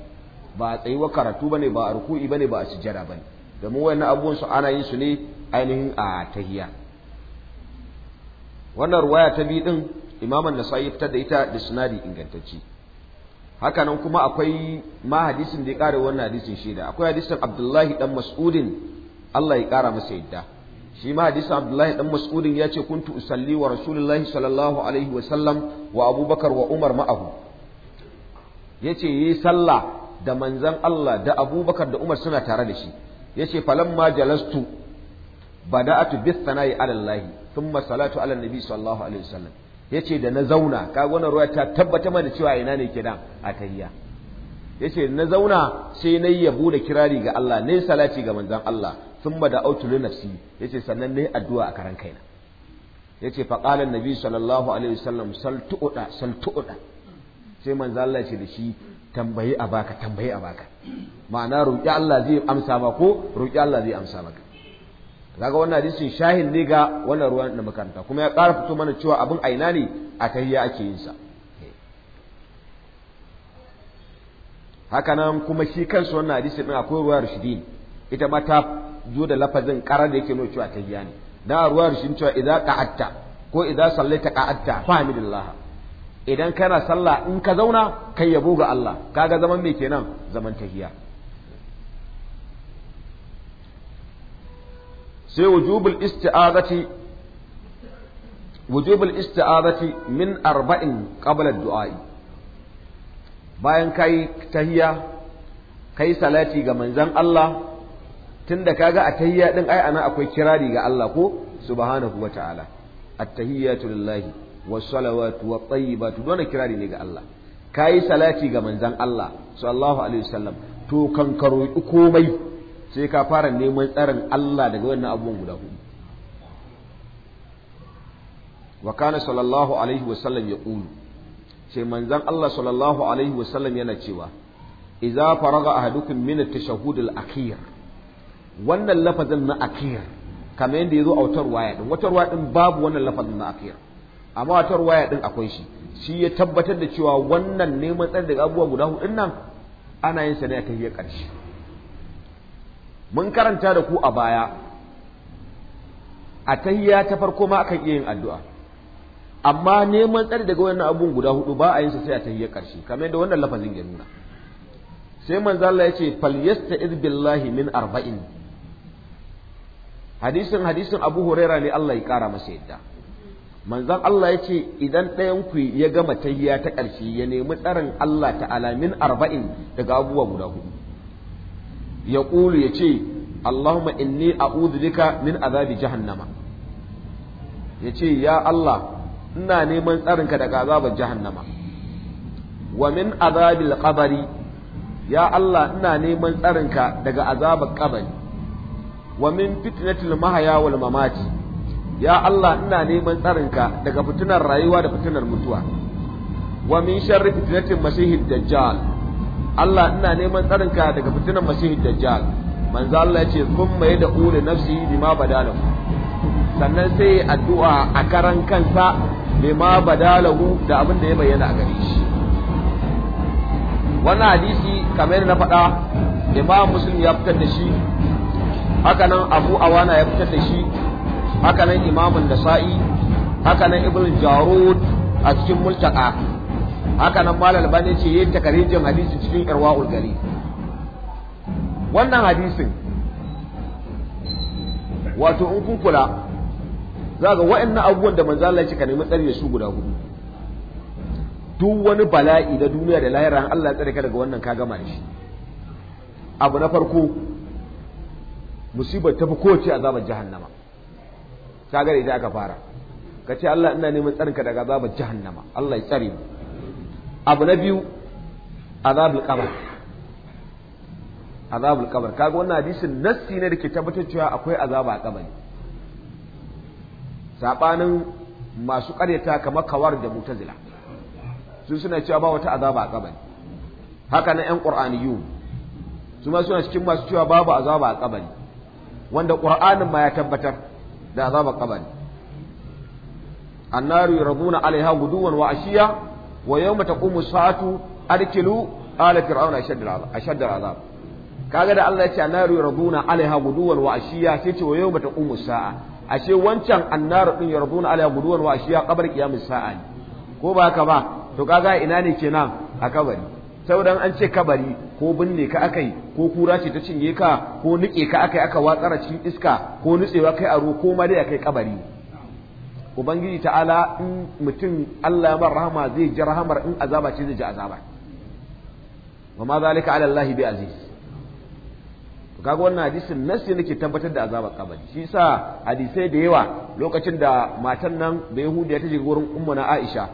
ba a tsayuwar karatu bane ba a ruku'i bane ba a sujjada bane domin wannan abubuwan su ana yin su ne ainihin a tahiya. wannan ruwaya ta biyu din imam an-nasa'i fitar da ita da sunadi ingantacci hakanan kuma akwai ma hadisin da ya ƙara wannan hadisin shaida akwai hadisin abdullahi dan mas'udin Allah ya ƙara masa yadda shi ma hadisin abdullahi dan mas'udin ya ce kuntu usalli wa rasulullahi sallallahu alaihi wa sallam wa abubakar wa umar ma'ahu yace yi sallah da manzan Allah da abubakar da umar suna tare da shi Ya yace falamma jalastu bada'atu bis sana'i ala allahi thumma salatu ala nabi sallallahu alaihi wa sallam. yace da na zauna kaga wannan ruwa ta tabbata mana cewa ina ne kidan a tahiyya yace na zauna sai nayi yabo da kirari ga Allah nayi salati ga manzon Allah thumma da autu li nafsi yace sannan nayi addu'a a karan kaina yace fa qala annabi sallallahu alaihi wasallam sal tu'da sal tu'da sai manzon Allah ce da shi tambayi a baka tambayi a baka ma'ana roƙi Allah zai amsa ba ko roƙi Allah zai amsa maka kaga wannan hadisin shahin ne ga wannan ruwan da makaranta kuma ya ƙara fito mana cewa abin aina ne a tahiyya ake yin sa hakanan kuma shi kansu wannan hadisin din akwai ruwa rashidin ita ma ta zo da lafazin ƙarar da yake nuna cewa tahiyya ne da ruwa rashidin cewa idza qa'atta ko idza sallaita qa'atta fahmidillah idan kana sallah in ka zauna kai yabo ga Allah kaga zaman me kenan zaman tahiyya sai wujubul isti'azati wujubul isti'azati min arba'in qabla du'a'i bayan kai tahiyya kai salati ga manzon Allah tunda kaga a tahiyya din ai ana akwai kirari ga Allah ko subhanahu wa ta'ala at-tahiyyatu lillahi was-salawatu wat-tayyibatu dole kirari ne ga Allah kai salati ga manzon Allah sallallahu alaihi wasallam to kan karo komai sai ka fara neman tsarin Allah daga wannan abubuwan guda hudu wa kana sallallahu alaihi wa sallam ya qulu sai manzon Allah sallallahu alaihi wa sallam yana cewa idza faraga ahadukum min at-tashahhud al-akhir wannan lafazin na akhir kamar yadda yazo a wutar waya din wutar waya din babu wannan lafazin na akhir amma wutar waya din akwai shi shi ya tabbatar da cewa wannan neman tsarin daga abubuwa guda hudu nan ana yin sa ne a ƙarshe mun karanta da ku a baya a tahiyya ta farko ma akan iya yin addu'a amma neman tsari daga wannan abun guda hudu ba a yin sa sai a tahiyyar karshe kamar yadda wannan lafazin ya nuna sai manzo Allah yace fal min arba'in hadisin hadisin Abu Huraira ne Allah ya kara masa yadda manzon Allah ya ce idan ɗayan ku ya gama tahiya ta ƙarshe, ya nemi tsarin Allah ta'ala min arba'in daga abubuwa guda hudu ya ƙulu ya ce Allahumma inni a bika min azabi jahannama ya ce ya Allah ina neman tsarinka daga azabar jahannama wa min azabil qabri ya Allah ina neman tsarinka daga azabar qabri wa min fitnatil mahaya wal mamati ya Allah ina neman tsarinka daga fitinar rayuwa da fitinar mutuwa wa min sharri fitnatil masihid dajjal Allah ina neman tsarin ka daga fitinan masihid dajjal manzo Allah ya ce thumma yad'u li nafsihi bima badalahu sannan sai addu'a a karan kansa bima badalahu da abin da ya bayyana a gare shi wannan hadisi kamar yadda na faɗa imam muslim ya fitar da shi haka nan abu awana ya fitar da shi haka nan imamun da sa'i haka nan ibn jarud a cikin multaka haka nan malal bani ce yayin takarijin hadisi cikin irwaul gari wannan hadisin wato in kun kula za ga wa'annan abubuwan da manzo Allah ya ka nemi tsari da su guda hudu duk wani bala'i na duniya da lahira Allah ya tsare ka daga wannan ka gama da shi abu na farko musibar ta fi kowace azabar jahannama ka gare idan aka fara ka ce Allah ina neman tsarinka daga azabar jahannama Allah ya tsare mu abu na biyu azabul qabr azabul qabr kaga wannan hadisin nassi ne dake ke tabbatar cewa akwai azaba a kabari sabanin masu karyata kamar kawar da mutazila su suna cewa ba wata azaba a kabari haka na yan qur'aniyu su ma suna cikin masu cewa babu azaba a kabari wanda qur'anin ma ya tabbatar da azaba kabari annaru yarduna alaiha guduwan wa ashiya wa yawma taqumu sa'atu arkilu ala fir'auna ashadda al'azab kaga da Allah ya ce annaru yarduna alaiha guduwan wa ashiya sai ce wa yawma taqumu sa'a ashe wancan annaru din yarduna alaiha guduwan wa ashiya kabar qiyamus sa'a ne ko ba haka ba to kaga ina ne kenan a kabari saboda an ce kabari ko binne ka akai ko kura ce ta cinye ka ko nike ka akai aka watsara cikin iska ko nutsewa kai aro, ko ma dai akai kabari ubangiji ta'ala in mutum Allah ya rahama zai ji rahamar in azaba ce zai ji azaba wa ma zalika ala Allah bi aziz to kaga wannan hadisin nasi nake tabbatar da azabar kabari shi yasa hadisai da yawa lokacin da matan nan da yahudiya ta je gurin ummu na Aisha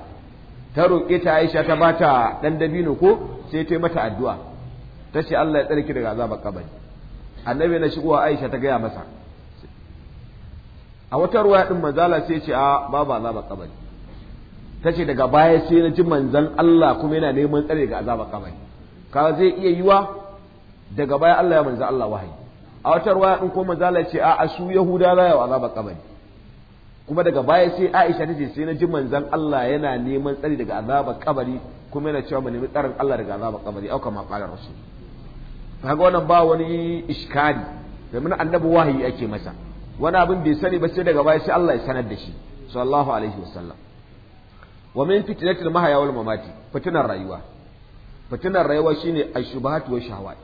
ta roƙe ta Aisha ta bata dan dabino ko sai ta yi mata addu'a ta Allah ya tsare ki daga azabar kabari annabi na shigowa Aisha ta gaya masa a wata ruwa din manzala sai ce a babu azaba kabari ce daga baya sai na ji manzan Allah kuma yana neman tsare daga azaba kabari ka zai iya yiwa daga baya Allah ya manza Allah wahayi a wata ruwa din ko manzala ce a asu yahuda la ya azaba kabari kuma daga baya sai Aisha ta ce sai na ji manzan Allah yana neman tsare daga azaba kabari kuma yana cewa mu nemi tsarin Allah daga azaba kabari au kama qala rasul ga wannan ba wani iskari domin annabi wahayi ake masa wani abin bai sani ba sai daga baya sai Allah ya sanar da shi sallallahu alaihi wasallam wa min al mahya wal mamati fitinar rayuwa fitinar rayuwa shine ash-shubahat wa shahawat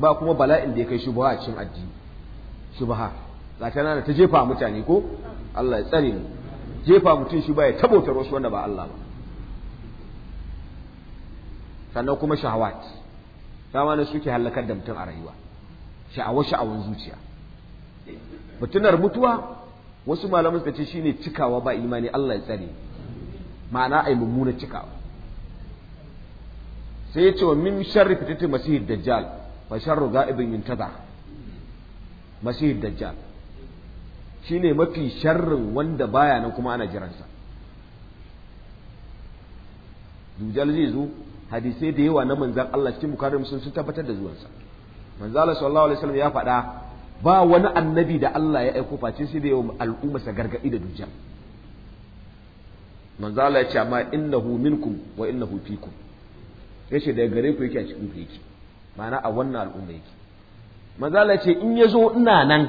ba kuma bala'in da ya kai cin cikin addini shubaha za ta nana ta jefa mutane ko Allah ya tsare ni jefa mutum shi ba ya tabautar wasu wanda ba Allah ba sannan kuma shahawat dama ne suke halakar da mutum a rayuwa sha'awa sha'awan zuciya fitinar mutuwa wasu malaman suka ce shine cikawa ba imani Allah ya tsare ma'ana ai mummuna cikawa sai ya ce wa min sharri fitati masihid dajjal wa sharru ga'ibin yuntaza masihid dajjal shine mafi sharrin wanda baya nan kuma ana jiransa dujjal zai zo hadisai da yawa na manzan Allah cikin musulun sun tabbatar da zuwansa manzan Allah sallallahu alaihi wasallam ya faɗa ba wani annabi da Allah ya aiko face shi da yawan sa gargaɗi da dujjal manzo Allah ya ce amma innahu minkum wa innahu fikum yace daga gare ku yake a cikin ku yake ma'ana a wannan al'umma yake manzo Allah ya ce in ya zo ina nan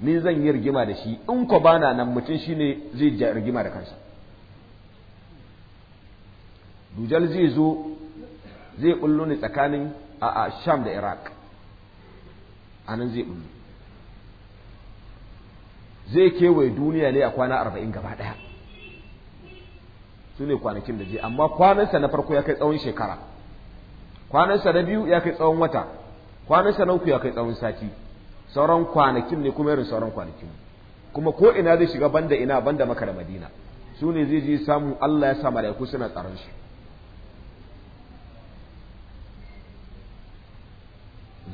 ni zan yi rigima da shi in ko bana nan mutum shine zai ja rigima da kansa dujal zai zo zai bullo ne tsakanin a sham da iraq a nan zai bullo zai kewaye duniya ne a kwana arba'in gaba ɗaya su ne kwanakin da je amma kwanansa na farko ya kai tsawon shekara kwanansa na biyu ya kai tsawon wata kwanansa na uku ya kai tsawon sati sauran kwanakin ne kuma irin sauran kwanakin kuma ko ina zai shiga banda ina banda maka da madina su ne zai je samu allah ya sa mala'iku suna tsaron shi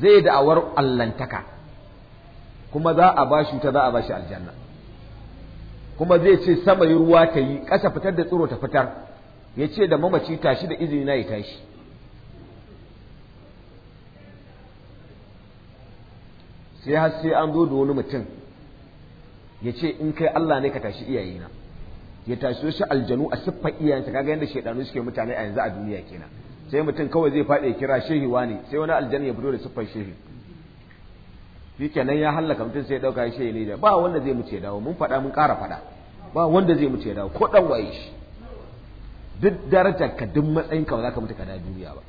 zai da'awar allantaka kuma za a bashi wuta za a bashi aljanna kuma zai ce sama yi ruwa ta yi ƙasa fitar da tsiro ta fitar ya ce da mamaci tashi da izini na ya tashi sai har sai an zo da wani mutum ya ce in kai Allah ne ka tashi iyayena ya tashi shi aljanu a siffar iyayensa kaga yadda shaidanu suke mutane a yanzu a duniya kenan sai mutum kawai zai faɗi ya kira shehi ne, sai wani aljanu ya fito da siffar shehi shikenan ya halaka mutum sai ya dauka ya shaye leda ba wanda zai muce dawo mun faɗa mun ƙara faɗa ba wanda zai muce dawo ko dan waye shi duk darajar ka duk matsayin ka ba za ka mutu kada duniya ba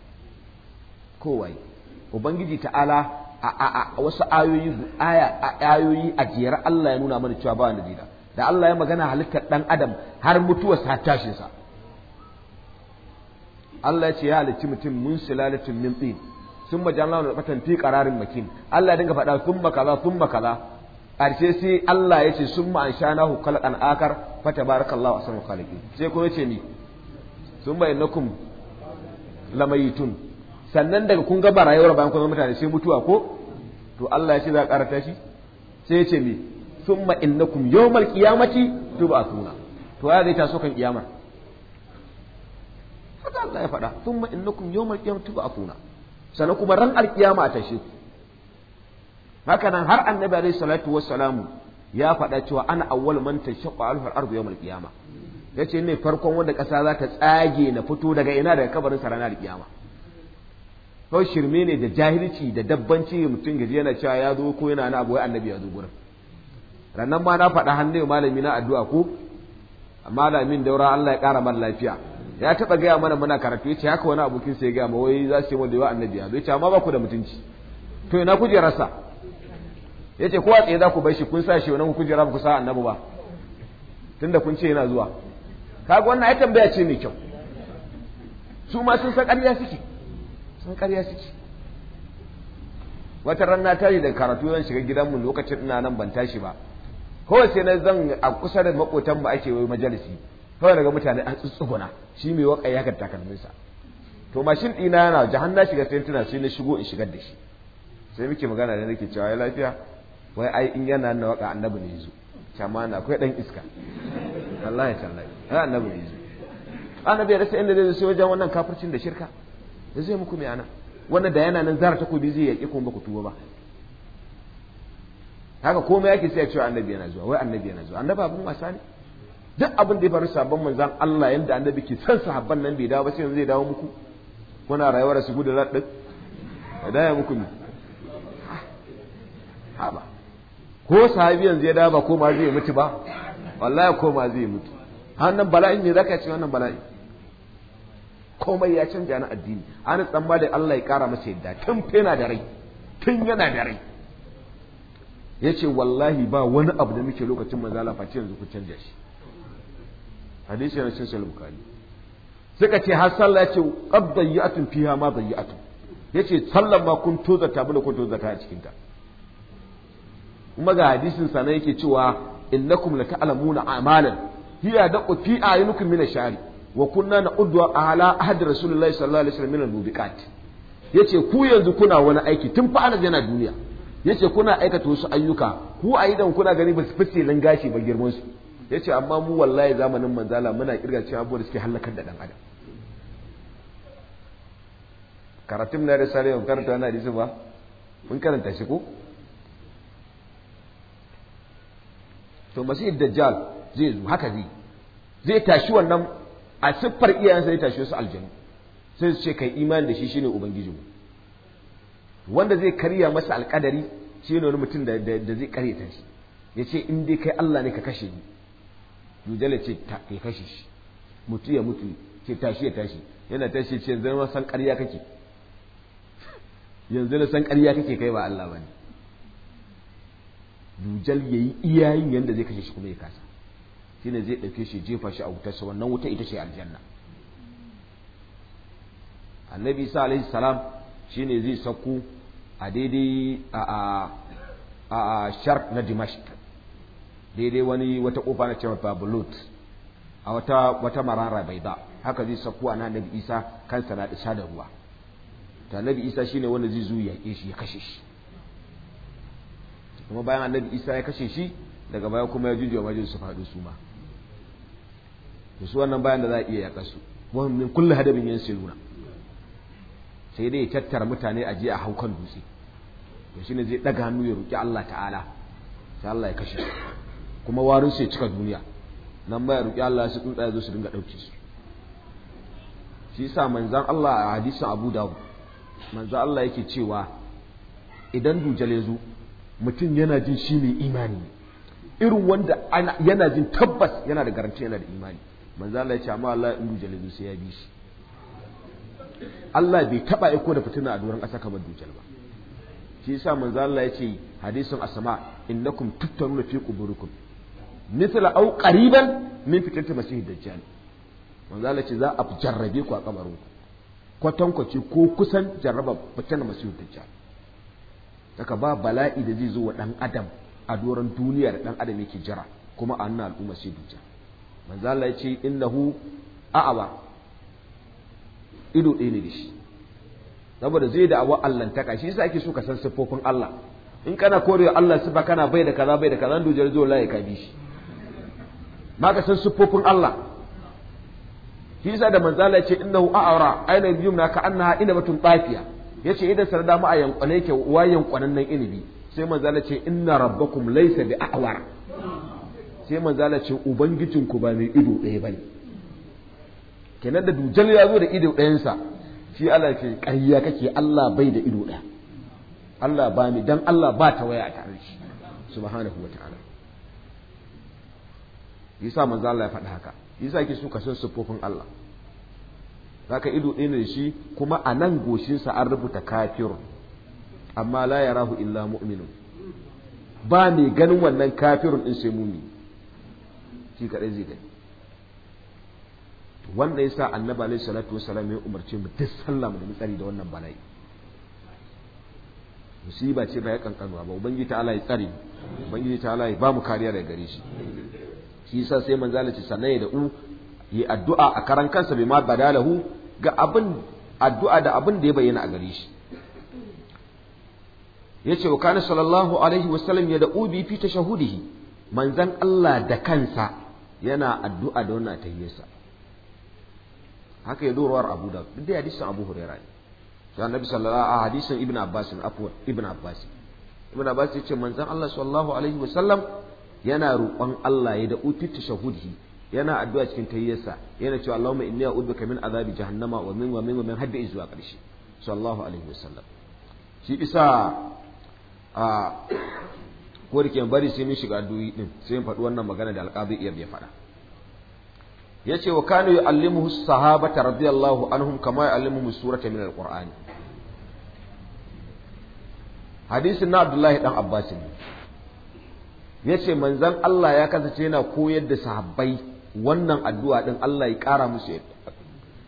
ko waye ubangiji ta'ala a a a wasu ayoyi aya ayoyi a jere Allah ya nuna mana cewa ba wanda zai da da Allah ya magana halittar dan adam har mutuwa sa tashin sa Allah ya ce ya halicci mutum mun silalatin min tin sun majalna na batan fi kararin makin Allah ya dinga faɗa summa kaza summa kaza ƙarshe sai Allah ya ce summa anshanahu khalqan akar fa tabarakallahu ahsanul khaliqi sai kuma yace ni summa innakum lamaytun sannan daga kun ga barayewar bayan kun mutane sai mutuwa ko to Allah ya ce za karata shi sai ya ce sun ma innakum yawmal qiyamati tub'atuna to ya zai taso kan kiyama haka Allah ya faɗa summa innakum yawmal qiyamati kuna. sannan kuma ran alkiyama a tashe haka nan har annabi alaihi salatu wassalamu ya faɗa cewa ana awwal man tashaqqa alhar ardu yawm alqiyama yace ne farkon wanda ƙasa za ta tsage na fito daga ina daga kabarin sa ranar alkiyama kawai shirme ne da jahilci da dabbanci mutum gaji yana cewa ya zo ko yana na abu wai annabi ya zo gurin rannan ma na faɗa hannu malami na addu'a ko malamin daura Allah ya ƙara man lafiya ya taba gaya mana muna karatu Ya ce haka wani abokin sai ya gaya ba wai za su yi wanda yawa annabi ya ce amma ba ku da mutunci to ina kujerarsa Ya ce kowa tsaye za ku bar shi kun sa shi wannan kujera ba ku sa annabi ba tunda kun ce yana zuwa kaga wannan ai tambaya ce mai kyau su ma sun san ƙarya suke sun ƙarya suke wata ran tashi da karatu zan shiga gidanmu lokacin ina nan ban tashi ba kawai sai na zan a kusa da makotanmu ake wai majalisi kawai daga mutane an tsutsuguna shi mai waka ya karta takalminsa to mashin ɗina yana jahanna shiga tentuna sai na shigo in shigar da shi sai muke magana da nake cewa ya lafiya wai ai in yana na waka annabi ne yazo kama na akwai dan iska Allah ya tallafi ai annabi ne yazo ah, annabi ya sai inda zai sai wajen wannan kafircin da shirka da zai muku mai ana wannan da yana nan zara takobi zai yaki kuma ba ku tuba ba haka komai yake sai ya cewa annabi yana zuwa wai annabi yana zuwa annabi abun wasa ne duk abin da ya faru sabon manzan Allah yadda annabi ke san sahabban nan bai dawo ba sai yanzu zai dawo muku kuna rayuwar su gudu rat din ya daya muku ne ha ba ko sahabi yanzu ya dawo ba ko ma zai mutu ba wallahi ko ma zai mutu hannun bala'in ne zaka ce wannan bala'in komai ya canja na addini an tsamma da Allah ya kara masa yadda tun fena da rai tun yana da rai Ya ce wallahi ba wani abu da muke lokacin manzala face yanzu ku canja shi hadisi na cikin sahih bukhari suka ce har sallah yace qad dayyatun fiha ma dayyatun yace sallan ma kun toza ta bula kun toza ta a cikin ta kuma ga hadisin sa ne yake cewa innakum lata'lamuna a'malan hiya daqu fi ayyukum min ash-shari wa kunna na'uddu ala ahad rasulullahi sallallahu alaihi wasallam min al-mubiqat yace ku yanzu kuna wani aiki tun fa anas yana duniya yace kuna aikata wasu ayyuka ku a idan kuna gani ba su fice gashi ba girman su yace amma mu wallahi zamanin manzala muna kirga cewa abubuwa da suke hallakar da adam karatun na risale yau karanta na hadisi ba mun karanta shi ko to yi dajjal zai zo haka zai zai tashi wannan a siffar iyayensa zai tashi wasu aljanu sai su ce kai imani da shi shine mu wanda zai karya masa alkadari shine wani mutum da zai karyata shi ya ce in dai kai Allah ne ka kashe ni dujal ce ta kashe shi mutu ya mutu ce tashi ya tashi yana tashi ce yanzu ma san ƙarya kake yanzu na san ƙarya kake kai ba Allah bane dujal yi iyayin yanda zai kashe shi kuma ya kasa shi ne zai ɗauke shi jefa shi a wutarsa wannan wuta ita ce aljanna annabi isa alaihi salam ne zai sauko a daidai a a na dimashq daidai wani wata kofa na cewa babulut a wata marara bai ba haka zai sako a nabi isa kansa na isa da ruwa ta nabi isa shine wanda zai zuwa ya ya kashe shi kuma bayan annabi isa ya kashe shi daga baya kuma ya jujjuwa majin su faɗi su ma to su wannan bayan da za a iya yaƙa su wani min kullu hadabin siluna sai dai ya tattara mutane a je a haukan dutse to shine zai ɗaga hannu ya roƙi Allah ta'ala sai Allah ya kashe shi kuma warin sai cika duniya nan baya roki Allah sai ya zo su dinga dauke su shi yasa manzon Allah a hadisin Abu Dawud manzon Allah yake cewa idan dujal ya zo mutum yana jin shi mai imani irin wanda yana jin tabbas yana da garanti yana da imani manzon Allah ya ce amma Allah in dujal zo sai ya bi shi Allah bai taba aiko da fitina a doron ƙasa kamar dujal ba shi yasa manzon Allah ya ce hadisin asma innakum tuttaruna fi quburikum misla au qariban min fitnati masihid dajjal manzo Allah ce za a jarrabe ku a kabarin ku kwatankwace ko kusan jarraba fitnati masihid dajjal daga ba bala'i da zai zo wa dan adam a doron duniya da dan adam yake jira kuma a nuna al'umma sai dajjal manzo Allah ya ce innahu a'awa ido ɗaya ne da shi saboda zai da awa allantaka shi yasa ake so ka san siffofin Allah in kana korewa Allah sifa kana bai da kaza bai da kaza dujar zo la ya kabi shi ba ka san siffofin Allah shi yasa da manzala ya ce innahu a'ara aina yumna ka annaha inabatun tafiya yace idan sarda mu a yankwane ke wa yankwanan nan inibi sai manzala ce inna rabbakum laysa bi a'war sai manzala ce ubangijinku ba mai ido ɗaya bane kenan da dujal ya zo da ido ɗayansa shi Allah ce ƙarya kake Allah bai da ido ɗaya Allah ba ni dan Allah ba ta waya a tare shi subhanahu wataala yasa manzo Allah ya faɗi haka yasa yake so ka san siffofin Allah zaka ido ɗaya ne shi kuma a nan goshinsa an rubuta kafir amma la yarahu illa mu'minun ba ne ganin wannan kafirun din sai mumi shi kadai zai gani wanda yasa annabi alaihi salatu wasallam ya umarce mu duk sallah mu da tsari da wannan bala'i musiba ce ba ya kankanuwa ba ubangiji ta Allah ya tsare ubangiji ta Allah ya ba mu kariya daga gare shi shi yasa sai manzo Allah ce sanai da u yi addu'a a karan kansa bai ma badalahu ga abin addu'a da abin da ya bayyana a gare shi yace wa kana sallallahu alaihi wasallam ya da u bi fi tashahudihi manzan Allah da kansa yana addu'a da wannan tayyarsa haka ya dorowar Abu Dawud duk da hadisin Abu Hurairah ne sai Annabi sallallahu alaihi hadisin Ibn Abbas afwan Ibn Abbas Ibn Abbas yace manzan Allah sallallahu alaihi wasallam yana roƙon Allah ya da utitu shahudi yana addu'a cikin tayyarsa yana cewa Allahumma inni a'udbuka min azabi jahannama wa min wa min wa min hadda izwa ƙarshe sallallahu alaihi wasallam shi bisa a ko da bari sai mun shiga addu'i din sai mun faɗi wannan magana da alƙadi iya ya faɗa yace wa kanu yu'allimuhu sahabata radiyallahu anhum kama yu'allimuhu surata min alqur'ani hadisin na Abdullahi dan Abbas ne yace manzan Allah ya kasance yana koyar da sahabbai wannan addu'a din Allah ya kara musu yadda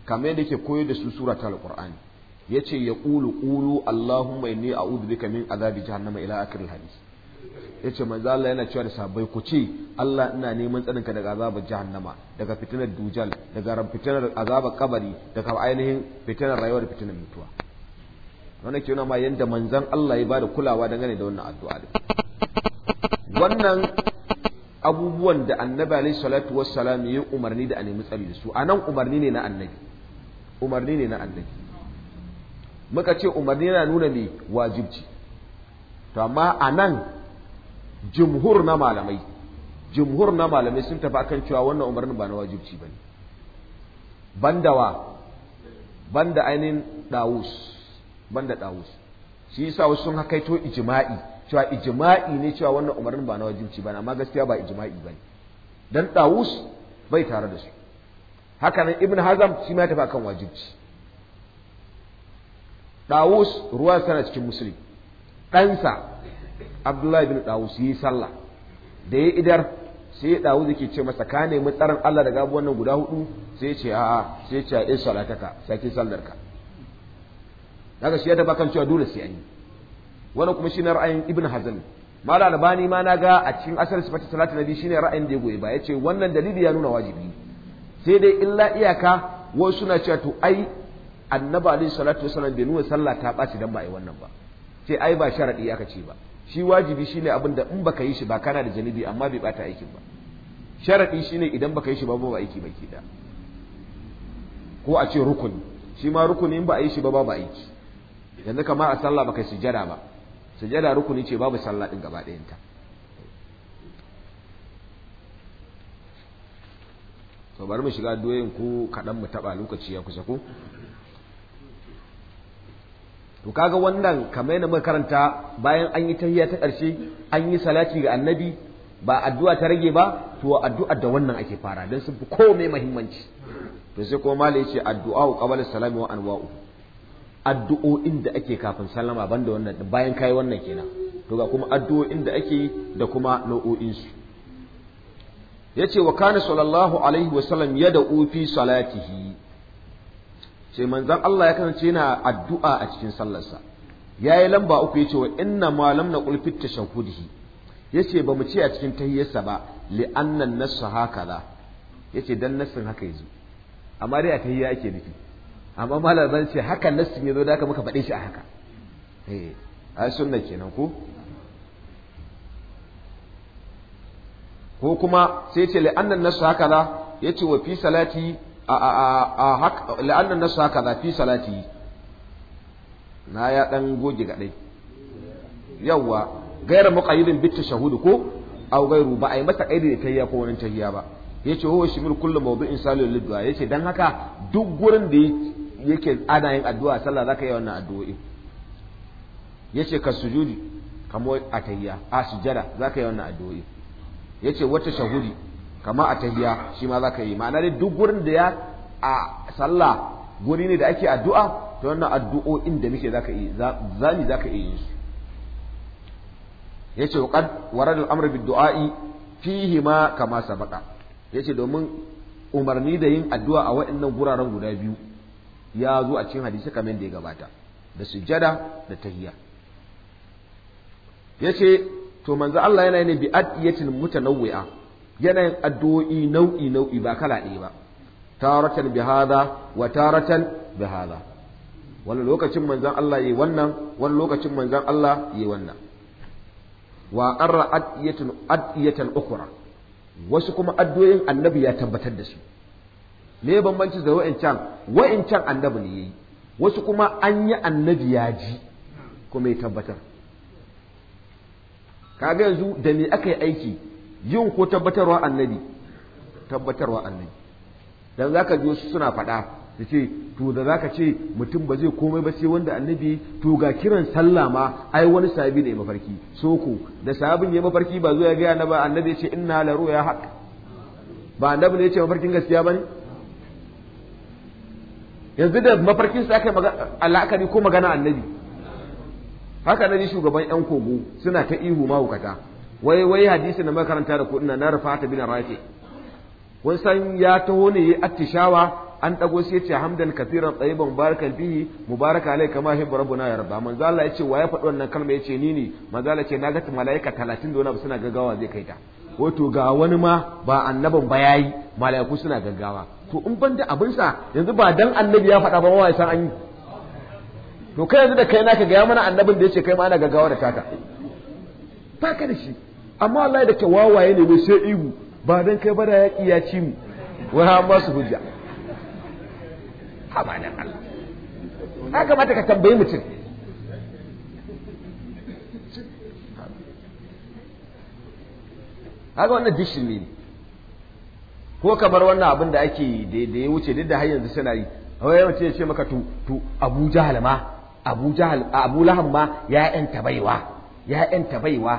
kamar yadda yake koyar da su sura ta ya yace ya qulu qulu allahumma inni a'udhu bika min azabi jahannama ila akhir ya yace manzan Allah yana cewa da sahabbai ku ce Allah ina neman tsaninka daga azabar jahannama daga fitinar dujal daga fitinar azabar kabari daga ainihin fitinar rayuwar fitinar mutuwa wanda ke nuna ma yadda manzan Allah ya bada kulawa dangane da wannan addu'a wannan abubuwan da annabi alaihi salatu wassalam ya umarni da a nemi tsari da su anan umarni ne na annabi umarni ne na annabi muka ce umarni yana nuna ne wajibci to amma anan jumhur na malamai jumhur na malamai sun tafi akan cewa wannan umarnin ba na wajibci bane bandawa banda ainihin dawus banda dawus shi yasa wasu sun hakaito ijma'i cewa ijma'i ne cewa wannan umarnin ba na wajibci bane amma gaskiya ba ijma'i bane dan tawus bai tare da su hakanan nan ibn hazam shi ma ya tafi akan wajibci tawus ruwa sana cikin musulmi ɗansa abdullahi bin tawus yi sallah da ya idar sai dawo yake ce masa ka nemi tsaron Allah daga abubuwan nan guda hudu sai ce a'a sai ce a salataka saki sallarka daga shi ya kan cewa dole sai an wannan kuma shine ra'ayin ibn hazm mala albani ma na ga a cikin asar sifatu salatu nabi shine ra'ayin da ya goyi ba yace wannan dalili ya nuna wajibi sai dai illa iyaka wasu suna cewa to ai annabi alaihi salatu wasallam bai nuna sallah ta ɓaci dan ba ai wannan ba sai ai ba sharadi aka ce ba shi wajibi shine abin da in baka yi shi ba kana da janibi amma bai bata aikin ba sharadi shine idan baka yi shi ba ba aiki ba ke da ko a ce rukuni shi ma rukuni in ba a yi shi ba ba aiki yanzu kama a sallah baka sujada ba sujada rukuni ce babu sallah din gaba ta to bari mu shiga doyin ku kaɗan mu taɓa lokaci ya kusa ku to kaga wannan kamar yadda muka karanta bayan an yi tahiyya ta ƙarshe an yi salati ga annabi ba addu'a ta rage ba to addu'a da wannan ake fara don sun fi komai muhimmanci to sai kuma mala ce addu'a qabala salami wa anwa'u addu'o'in da ake kafin sallama banda wannan bayan kayi wannan kenan to ga kuma addu'o'in da ake da kuma nau'o'insu su ce wa kana sallallahu alaihi wa ya da ofi salatihi sai manzan Allah ya kasance yana addu'a a cikin sallarsa Ya yi lamba uku ya ce wa inna malam na naqul shankudihi Ya ce ba mu ce a cikin tahiyarsa ba li'annan nassu haka za. Ya ce don nassun haka yanzu amma dai a tahiyya ake nufi amma zan ce haka nassin ya zo da aka muka faɗe shi a haka eh a sunna kenan ko ko kuma sai ce la'annan nasu haka za ya ce wa fi salati a la'annan nasu haka za fi salati na ya ɗan goge ɗai yawwa gayar muƙayyidin bitta shahudu ko au gairu ba a yi masa ƙaidi da tahiya ko wani tahiya ba ya ce shi mil kullum mawdu in salu liddu'a ya ce don haka duk gurin da ya yake ana yin addu'a sallah zaka yi wannan addu'o'i yace ka sujudi kamar atayya a sujada zaka yi wannan addu'o'i yace wata shahudi kamar atayya shi ma zaka yi ma'ana dai duk gurin da ya a sallah guri ne da ake addu'a to wannan addu'o'in da muke zaka yi zani zaka iya yin su yace qad warada al-amru bid-du'a'i fihi ma kama sabaka yace domin umarni da yin addu'a a waɗannan guraren guda biyu ya zo a cikin hadisi kamar da ya gabata da sujjada da tahiyya yace to manzo Allah yana yin bi'adiyatin mutanawwi'a yana yin addu'o'i nau'i nau'i ba kala ɗaya ba taratan bihadha wa taratan bihadha wani lokacin manzon Allah yayi wannan wani lokacin manzon Allah yayi wannan wa qarra'at adiyatan ukhra wasu kuma addu'o'in annabi ya tabbatar da su me bambanci da can an annabi ne yayi wasu kuma an yi annabi ya ji kuma ya tabbatar kaga yanzu da me aka yi aiki yin ko tabbatarwa annabi tabbatarwa annabi dan zaka ji wasu suna faɗa su ce to da zaka ce mutum ba zai komai ba sai wanda annabi to ga kiran sallah ma ai wani sahabi ne mafarki soko da sahabin ya mafarki ba zo ya ga annabi annabi ce inna la ruya haqq ba annabi ne ya ce mafarkin gaskiya bane yanzu da mafarkin su aka yi al'akari ko magana annabi haka nan shugaban yan kogo suna ta ihu mahukata wai wai hadisi na makaranta da kuɗina na ta bin rafi kun san ya taho ne ya attishawa an dago sai ce, hamdan kafiran tsayiban barakan bihi mubaraka alai kama hibbu rabbuna ya rabba manzo Allah yace wa ya faɗi wannan kalma ya ce ni ne manzo Allah na ga malaika 30 da wani suna gaggawa zai kai ta wato ga wani ma ba annaban ba yayi malaiku suna gaggawa to in ban da abinsa yanzu ba dan annabi ya faɗa ba ma san an yi to kai yanzu da kai naka ga ya mana annabin da yace kai ma ana gaggawa da taka taka da shi amma wallahi da ke wawaye ne mai sai ihu ba dan kai ba da yaƙi ya ci mu wai ha su hujja haba dan Allah haka mata ka tambayi mutum haka wannan dishirmi ne ko kamar wannan abin da ake da ya wuce duk da har yanzu suna yi wai mutum ya ce maka tu tu. Abu Jahal ma Abu Jahal Abu Lahab ma ya yanta baiwa ya yanta baiwa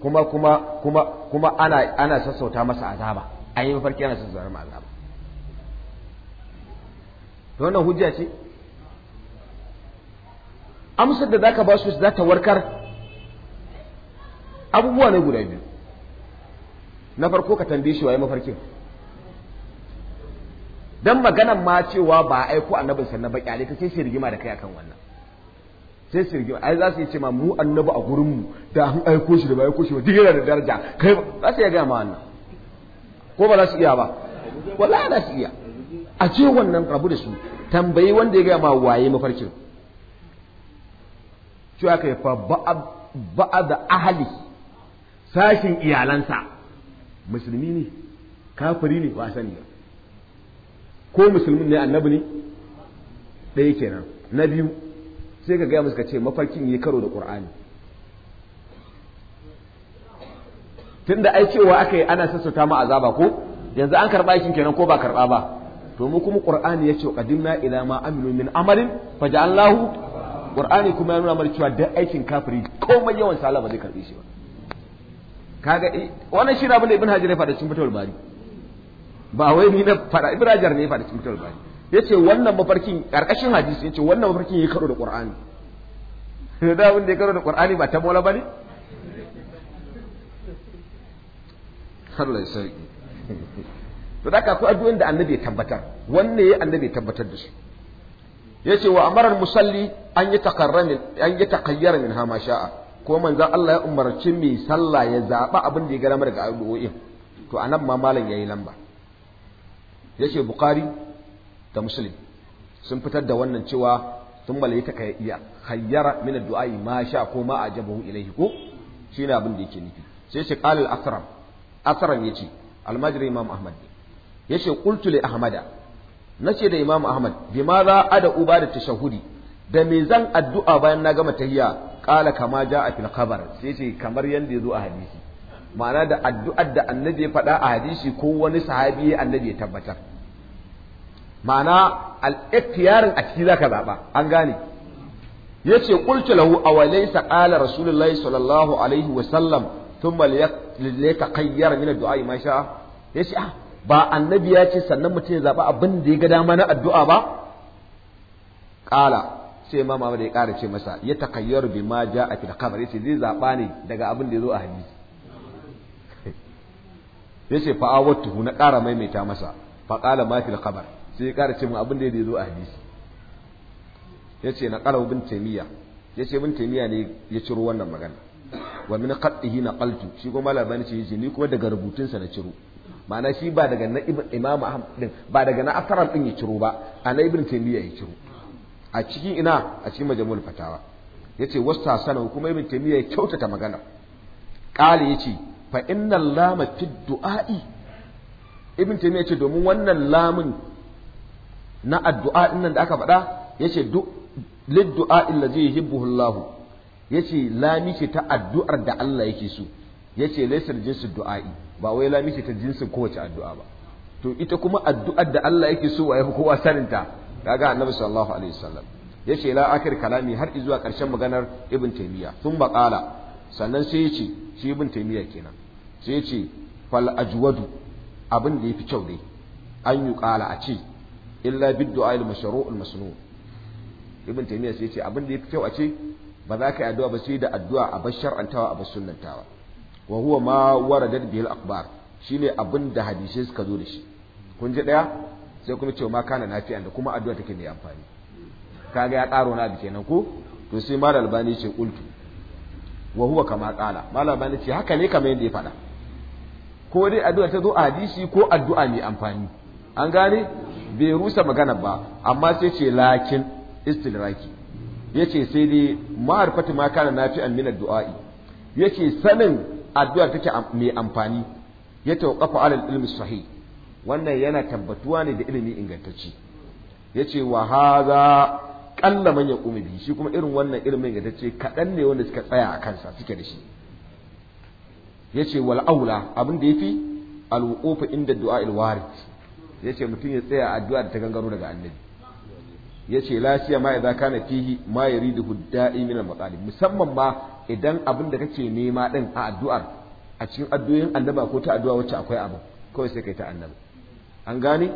kuma kuma kuma kuma ana ana sassauta masa azaba an yi mafarki ana sassauta masa azaba to wannan hujja ce amsar da zaka ba su za ta warkar abubuwa ne guda biyu na farko ka tambaye shi waye mafarkin dan maganan ma cewa ba aiko annabin sannan ba kyale ta sai shi rigima da kai akan wannan sai su rigima ai za su yi ce ma mu annabi a gurin mu da an aiko shi da ba aiko shi ba duk yana da daraja kai za su iya gaya ma wannan ko ba za su iya ba Wala za su iya a ce wannan rabu da su tambayi wanda ya gaya ma waye mafarkin cewa kai fa ba'a da ahali sashin iyalansa musulmi ne kafiri ne ba sani ba ko musulmin ne annabi ne ɗaya kenan na biyu sai ka gaya musu ka ce mafarkin yi karo da ƙur'ani tunda ai cewa aka yi ana sassauta ma azaba ko yanzu an karɓa aikin kenan ko ba karɓa ba to mu kuma qur'ani yace qadimna ila ma aminu min amalin faj'alnahu qur'ani kuma ya nuna mana cewa da aikin kafiri komai yawan sala ba zai karɓi shi ba kaga eh, wannan shi abin da ibn hajar ya faɗa cikin bari ba wai ni na fara ibrajar ne fara cikin ba yace wannan mafarkin karkashin hadisi yace wannan mafarkin yayi karo da qur'ani da abin da ya karo da qur'ani ba ta mola bane ne? ya sauki to da ka akwai addu'o'in da annabi ya tabbatar wannan ya annabi ya tabbatar da su yace wa amara musalli an yi takarramin an yi takayyara min ha ma sha'a ko manzon Allah ya umarci mai sallah ya zaba abin da ya gara daga addu'o'in to anan ma malam yayi lamba yace bukari da muslim sun fitar da wannan cewa sun malaita ka iya hayyara min addu'a ma sha ko ma ajabahu ilayhi ko shine abin da yake nufi sai ce qala al-asram asram yace al-majri imam ahmad yace qultu li ahmada nace da imam ahmad ma za ada uba da tashahudi da me zan addu'a bayan na gama tahiyya qala kama ja a filkabar, sai ce kamar ya zo a hadisi ma'ana da addu'ar da annabi ya faɗa a hadisi ko wani sahabi ya annabi ya tabbatar ma'ana al-ikhtiyarin a ciki zaka zaba an gane yace qultu lahu awalaysa qala rasulullahi sallallahu alaihi wa sallam thumma liyataqayyara min ad-du'a ma sha'a yace ah ba annabi ya ce sannan mutum ya zaba abin da ya ga dama na addu'a ba qala sai imam ya ƙara ce masa ya takayyaru bima ja'a fil khabar yace zai zaba ne daga abin da ya zo a hadisi ce fa awattuhu na ƙara maimaita masa fa qala ma fil khabar sai ya ƙara ce mun abin da ya zo a hadisi yace na qala ibn taymiya yace ibn taymiya ne ya ciro wannan magana wa min qaddihi naqaltu shi kuma labani ce yace ni kuma daga rubutun sa na ciro ma'ana shi ba daga na imam ahmad din ba daga na asarar din ya ciro ba a na ibn taymiya ya ciro a cikin ina a cikin majamul fatawa yace wasta sana kuma ibn taymiya ya kyautata magana qali yace fa innal lama fi du'a'i ibn taymiya ce domin wannan lamun na addu'a din nan da aka faɗa yace duk lid du'a'i allazi yuhibbuhu Allah yace lami ce ta addu'ar da Allah yake so yace laysa jinsu du'a'i ba wai lami ce ta jinsin kowace addu'a ba to ita kuma addu'ar da Allah yake so wa yafi kowa saninta kaga annabi sallallahu alaihi wasallam yace la akhir kalami har zuwa ƙarshen maganar ibn taymiya sun qala sannan sai yace shi ibn taymiya kenan sai ce fal ajwadu abin da yafi kyau ne, an yi kala a ce illa bid du'a al mashru' al masnu ibn taymiya sai ce abin da yafi kyau a ce ba za ka yi addu'a ba sai da addu'a a bashar antawa a basunnantawa wa huwa ma waradat bihi al akhbar shine abin da hadisi suka zo da shi kun ji daya sai kuma cewa ma kana nafi'a da kuma addu'a take da amfani kaga ya karo na kenan ko to sai malal albani ce ultu wa huwa kama qala malal bani ce haka ne kamar yadda ya faɗa ko dai addu'a ta zo a hadisi ko addu'a mai amfani an gane bai rusa magana ba amma sai ce lakin istilraki yace sai dai maharfati ma kana nafi'an min addu'a'i yace sanin addu'a take mai amfani ya tawqafa ala ilmi sahih wannan yana tabbatuwa ne da ilimi ingantacce yace wa haza Kalla man yaqumu bi shi kuma irin wannan ilimin ingantacce kadan ne wanda suka tsaya a kansa suke da shi yace wal aula abin da ya fi wuquf inda du'a al warid yace mutum ya tsaya addu'a da ta gangaro daga annabi yace la siya ma idza kana fihi ma yuridu hudda'i min al musamman ma idan abin da kake nema din a addu'ar a cikin addu'o'in annaba ko ta addu'a wacce akwai abu kawai sai kai ta annabi an gane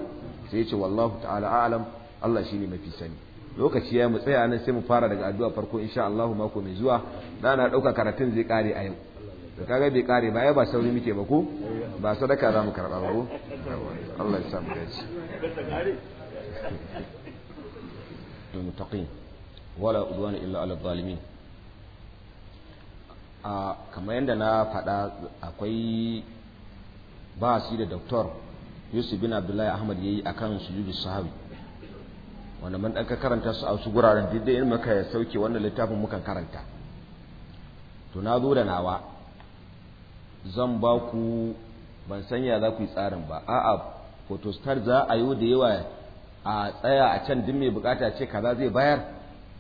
sai yace wallahu ta'ala a'lam Allah shi ne mafi sani lokaci ya mu tsaya nan sai mu fara daga addu'a farko insha Allah mako mai zuwa dana na dauka karatun zai kare a yau da kaga bai kare ba ai ba sauri muke ba ko ba sadaka za mu karba ba ko Allah ya samu dace mutaqi wala udwana illa ala zalimin a kamar yanda na faɗa akwai ba su da doktor yusuf bin abdullahi ahmad yayi akan sujudu sahabi wanda mun ɗanka karanta su a wasu guraren duk in muka sauke wannan littafin muka karanta to na zo da nawa zan ba ku ban sanya za ku yi tsarin ba a'a photostar za a yi da yawa a tsaya a can duk mai bukata ce kaza zai bayar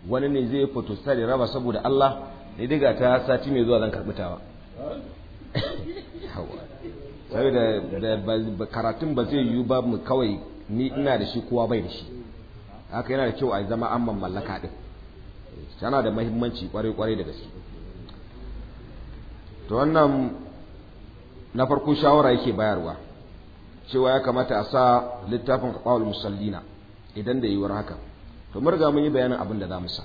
wani ne zai photostar ya raba saboda Allah ne diga ta sati mai zuwa zan karɓi tawa saboda da karatun ba zai yiwu ba mu kawai ni ina da shi kowa bai da shi haka yana da kyau a zama an mallaka din tana da mahimmanci kwarai kwarai da gaske to wannan na farko shawara yake bayarwa cewa ya kamata a sa littafin qawul musallina idan da yiwuwar haka to mun riga mun yi bayanin abin da za mu sa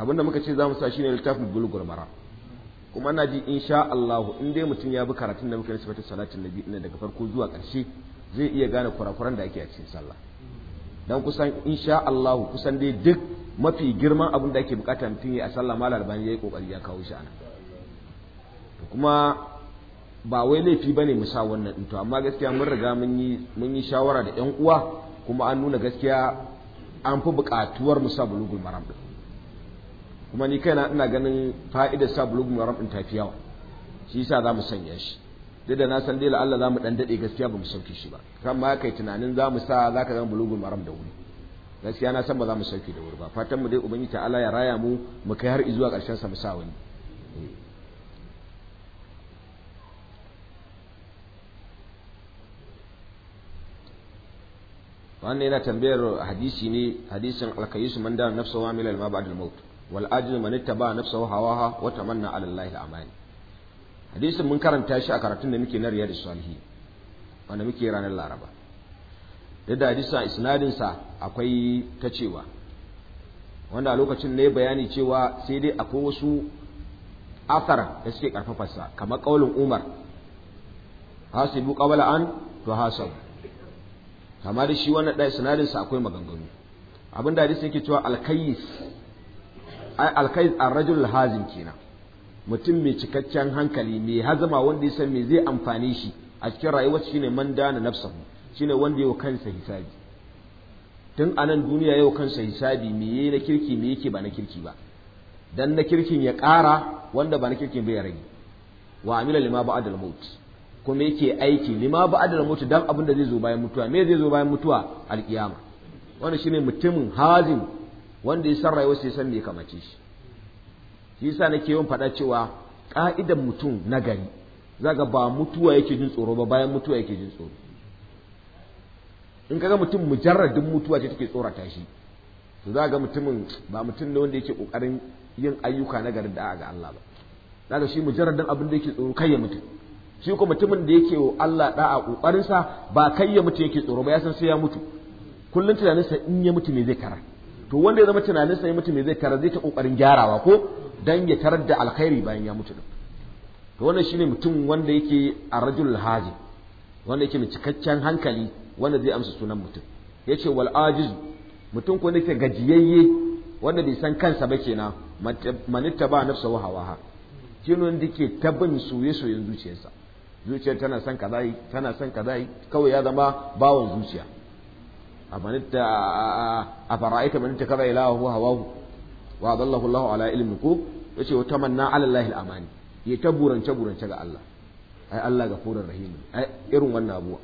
abin da muka ce za mu sa shine littafin bulugul mara kuma na ji insha Allah in dai mutum ya bi karatun da muka yi sifatar salatin nabi ina daga farko zuwa ƙarshe zai iya gane kurakuran da ake a cikin sallah dan kusan insha Allah kusan dai duk mafi girman abin da ake bukata mutum ya a sallah malar ya yayi kokari ya kawo shi ana kuma ba wai laifi bane mu sa wannan din to amma gaskiya mun riga mun yi mun yi shawara da ƴan uwa kuma an nuna gaskiya an fi buƙatuwar mu sa bulugul maram din kuma ni kaina ina ganin fa'idar sa bulugul maram din tafi yawa shi yasa za mu sanya shi duk da na san dai Allah za mu dan dade gaskiya ba mu sauke shi ba kan ma kai tunanin za mu sa za ka zama bulugul maram da wuri gaskiya na san ba za mu sauke da wuri ba fatan mu dai ubangiji ta'ala ya raya mu mu kai har zuwa ƙarshen sa mu sa wani wannan yana tambayar hadisi ne hadisin alkayisu man da nafsu wa milal ma ba'da al-maut wal ajru man ittaba nafsu wa hawaha wa tamanna ala allahi amani hadisin mun karanta shi a karatun da muke na riyadu salihi wanda muke ranar laraba duk da hadisin isnadin sa akwai ta cewa wanda a lokacin ne bayani cewa sai dai akwai wasu athar da suke karfafa sa kamar kaulin Umar hasibu qabla an tuhasabu amma da shi wannan ɗaya sinadinsa akwai maganganu abin da hadisi yake cewa alkayis ai alkayis arrajul hazin kenan mutum mai cikakken hankali mai hazama wanda ya san me zai amfani shi a cikin rayuwar shine man dana shi shine wanda yau kansa hisabi tun a nan duniya yau kansa hisabi me yayi na kirki me yake ba na kirki ba dan na kirkin ya kara wanda ba na kirkin bai rage wa amila lima ba adal kuma yake aiki lima ba adal mutu dan abin da zai zo bayan mutuwa me zai zo bayan mutuwa alkiyama wannan shine mutumin hazin wanda ya san rayuwar sai san me kamace shi shi yasa nake yawan faɗa cewa ka'idan mutum nagari zaka ba mutuwa yake jin tsoro ba bayan mutuwa yake jin tsoro in kaga mutum mujarradin mutuwa ce take tsorata shi to za ga mutumin ba mutum ne wanda yake kokarin yin ayyuka na garin da ga Allah ba zaka shi mujarradin abin da yake tsoro kai ya mutum shi ko mutumin da yake wa Allah da'a kokarin sa ba kai ya mutu yake tsoro ba ya san sai ya mutu kullun tunaninsa in ya mutu me zai kara to wanda ya zama tunaninsa ya mutu me zai kara zai ta kokarin gyarawa ko dan ya tarar da alkhairi bayan ya mutu to wannan shine mutum wanda yake arjul haji wanda yake mai cikakken hankali wanda zai amsa sunan mutum yace wal ajiz mutum ko nake gajiyayye wanda bai san kansa ba kenan manitta ba nafsa wa hawaha shine wanda ke tabin soye-soyen zuciyarsa zuciyar tana son kaza yi tana son kaza yi kawai ya zama bawan zuciya a a fara'ita manitta kaza ilahu wa hawahu wa adallahu Allahu ala ilmi ko yace wa tamanna ala Allah amani ya ta burance burance ga Allah ai Allah furar rahim ai irin wannan abuwa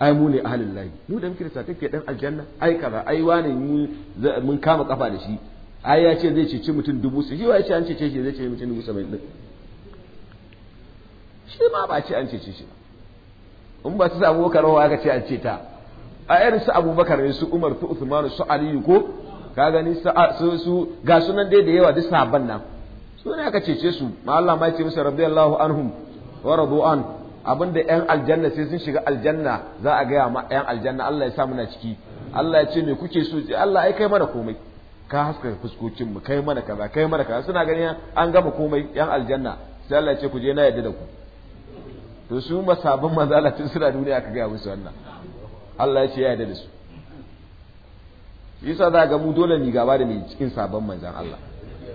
ai mu ne ahlul lahi mu da muke da sakakke dan aljanna ai kaza ai wani mun kama kafa da shi ai ya ce zai cece mutum dubu su, shi ya ce an cece shi zai cece mutum dubu saba'in shi ma ba ce an cece shi ba in ba su abubakar wa aka ce an ce ta a irin su abubakar ne su umar su usman su aliyu ko ka gani su su ga sunan dai da yawa duk sabon nan su ne aka cece su ma Allah ma ya ce musu radiyallahu anhum wa radu an abinda yan aljanna sai sun shiga aljanna za a gaya ma yan aljanna Allah ya sa muna ciki Allah ya ce me kuke so Allah ya kai mana komai ka haska fuskokin mu kai mana kaza kai mana kaza suna ganin an gama komai yan aljanna sai Allah ya ce ku je na yadda da ku to su masabin manzala tun suna duniya ka gaya musu wannan Allah ya ce ya yarda da su yasa za ga mu dole ni gaba da mai cikin sabon manzan Allah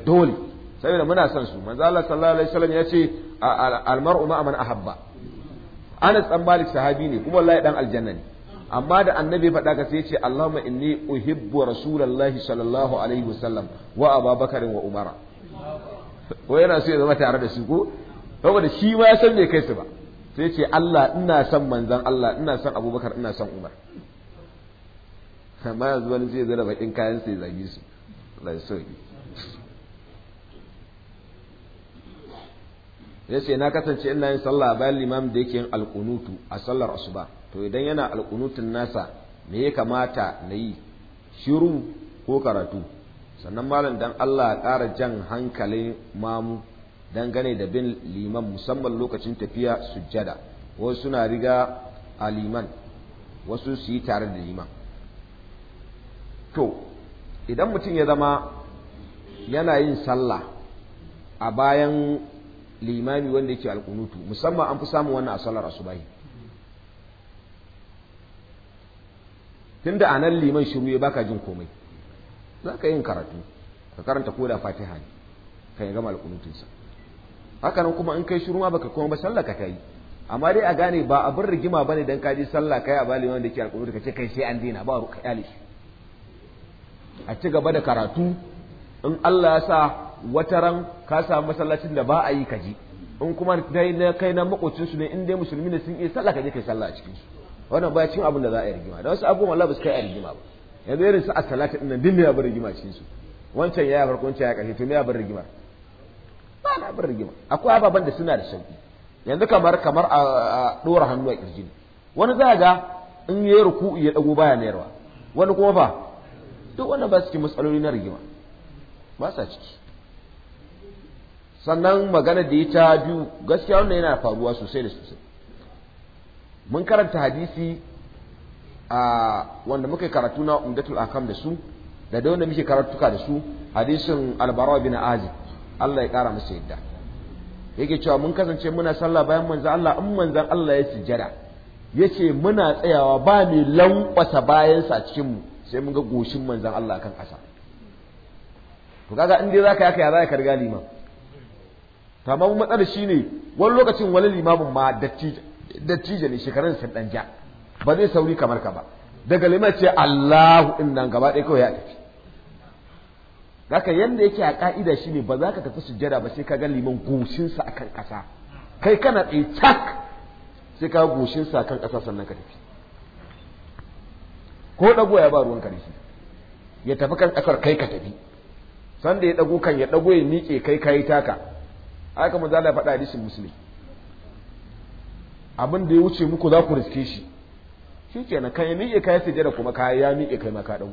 dole saboda muna son su manzan Allah sallallahu alaihi wasallam ya ce almar'u ma'a man ahabba Anas dan Malik sahabi ne kuma wallahi dan aljanna ne amma da annabi faɗa ka sai ya ce Allahumma inni uhibbu rasulullahi sallallahu alaihi wasallam wa Abubakar wa umara. ko yana so ya zama tare da su ko saboda shi ma ya san me kai su ba sai ce Allah ina son manzan Allah ina son abubakar ina son umar amma yanzu wani zai zara bakin kayan sai zagi su Allah ya ya ce na kasance ina yin sallah bayan limam da yake yin alkunutu a sallar asuba to idan yana alkunutun nasa me ya kamata na yi shiru ko karatu sannan malam dan Allah ƙara jan hankalin mamu dangane da bin liman musamman lokacin tafiya sujjada wasu suna riga a liman wasu su yi tare da liman to idan mutum ya zama yana yin sallah a bayan limami wanda yake alkunutu musamman an fi samun wannan a sallar asubahi tunda a nan liman shiru ya baka jin komai za ka yin karatu ka karanta ko da fatiha ne ka yi gama alkunutunsa haka nan kuma in kai shiru ma baka koma ba sallah ka kai amma dai a gane ba abin rigima bane dan ka ji sallah kai a bali wanda ke alƙur'ani ka ce kai sai an daina ba ruka yale a ci gaba da karatu in Allah ya sa wataran ka samu masallacin da ba a yi kaji in kuma dai na kai na makocin su ne in dai musulmi ne sun yi sallah ka je kai sallah a cikin su wannan ba cin abin da za a yi rigima da wasu abubuwan Allah ba su kai a rigima ba yanzu irin su a salatu din nan din ne ya bar rigima cikin su wancan ya yi farkon ya kashe to me ya bar rigima ba na bin rigima akwai ababen da suna da sauki yanzu kamar kamar a ɗora hannu a ƙirji wani za ga in ya yi ruku'u ya dago baya mayarwa wani kuma ba, duk wannan ba su matsaloli na rigima ba sa ciki sannan magana da ya ta biyu gaskiya wannan yana faruwa sosai da sosai mun karanta hadisi a wanda muka karatu na umdatul akam da su da da wanda muke karatuka da su hadisin albara bin azib Allah ya ƙara musu yadda yake cewa mun kasance muna sallah bayan manzan Allah in manzon Allah ya sujjada yace muna tsayawa ba mai lankwasa bayansa a cikin mu sai mun ga goshin manzo Allah kan ƙasa to kaga in dai zaka yaka ya ka riga liman amma matsalar shine wani lokacin wani limamin ma dattijo ne shekarun sun dan ja ba zai sauri kamar ka ba daga liman ce Allahu inna gaba ɗaya kawai ya tafi zaka yanda yake a ka'ida ne ba za ka tafi sujjada ba sai ka ga liman goshinsa kan ƙasa kai kana tsaye cak sai ka goshinsa kan ƙasa sannan ka tafi ko ɗago ya ba ruwan karshe ya tafi kan ƙasar kai ka tafi sanda ya ɗago kan ya ɗago ya miƙe kai ka yi taka aka mu zala faɗa hadisin Musulmi. abin da ya wuce muku za ku riske shi na, kan ya miƙe kai sujjada kuma ka ya miƙe kai ma ka ɗago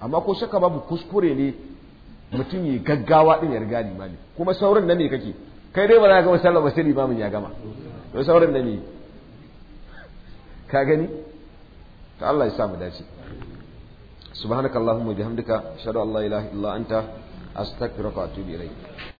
amma ko shaka babu kuskure ne mutum yi gaggawa din ya riga limami kuma saurin na me kake kai dai ba za ka gama sallah ba sai limamin ya gama to saurin na me ka gani ta Allah ya sa mu dace subhanakallahumma bihamdika ashhadu an la ilaha illa anta astaghfiruka wa atubu ilayk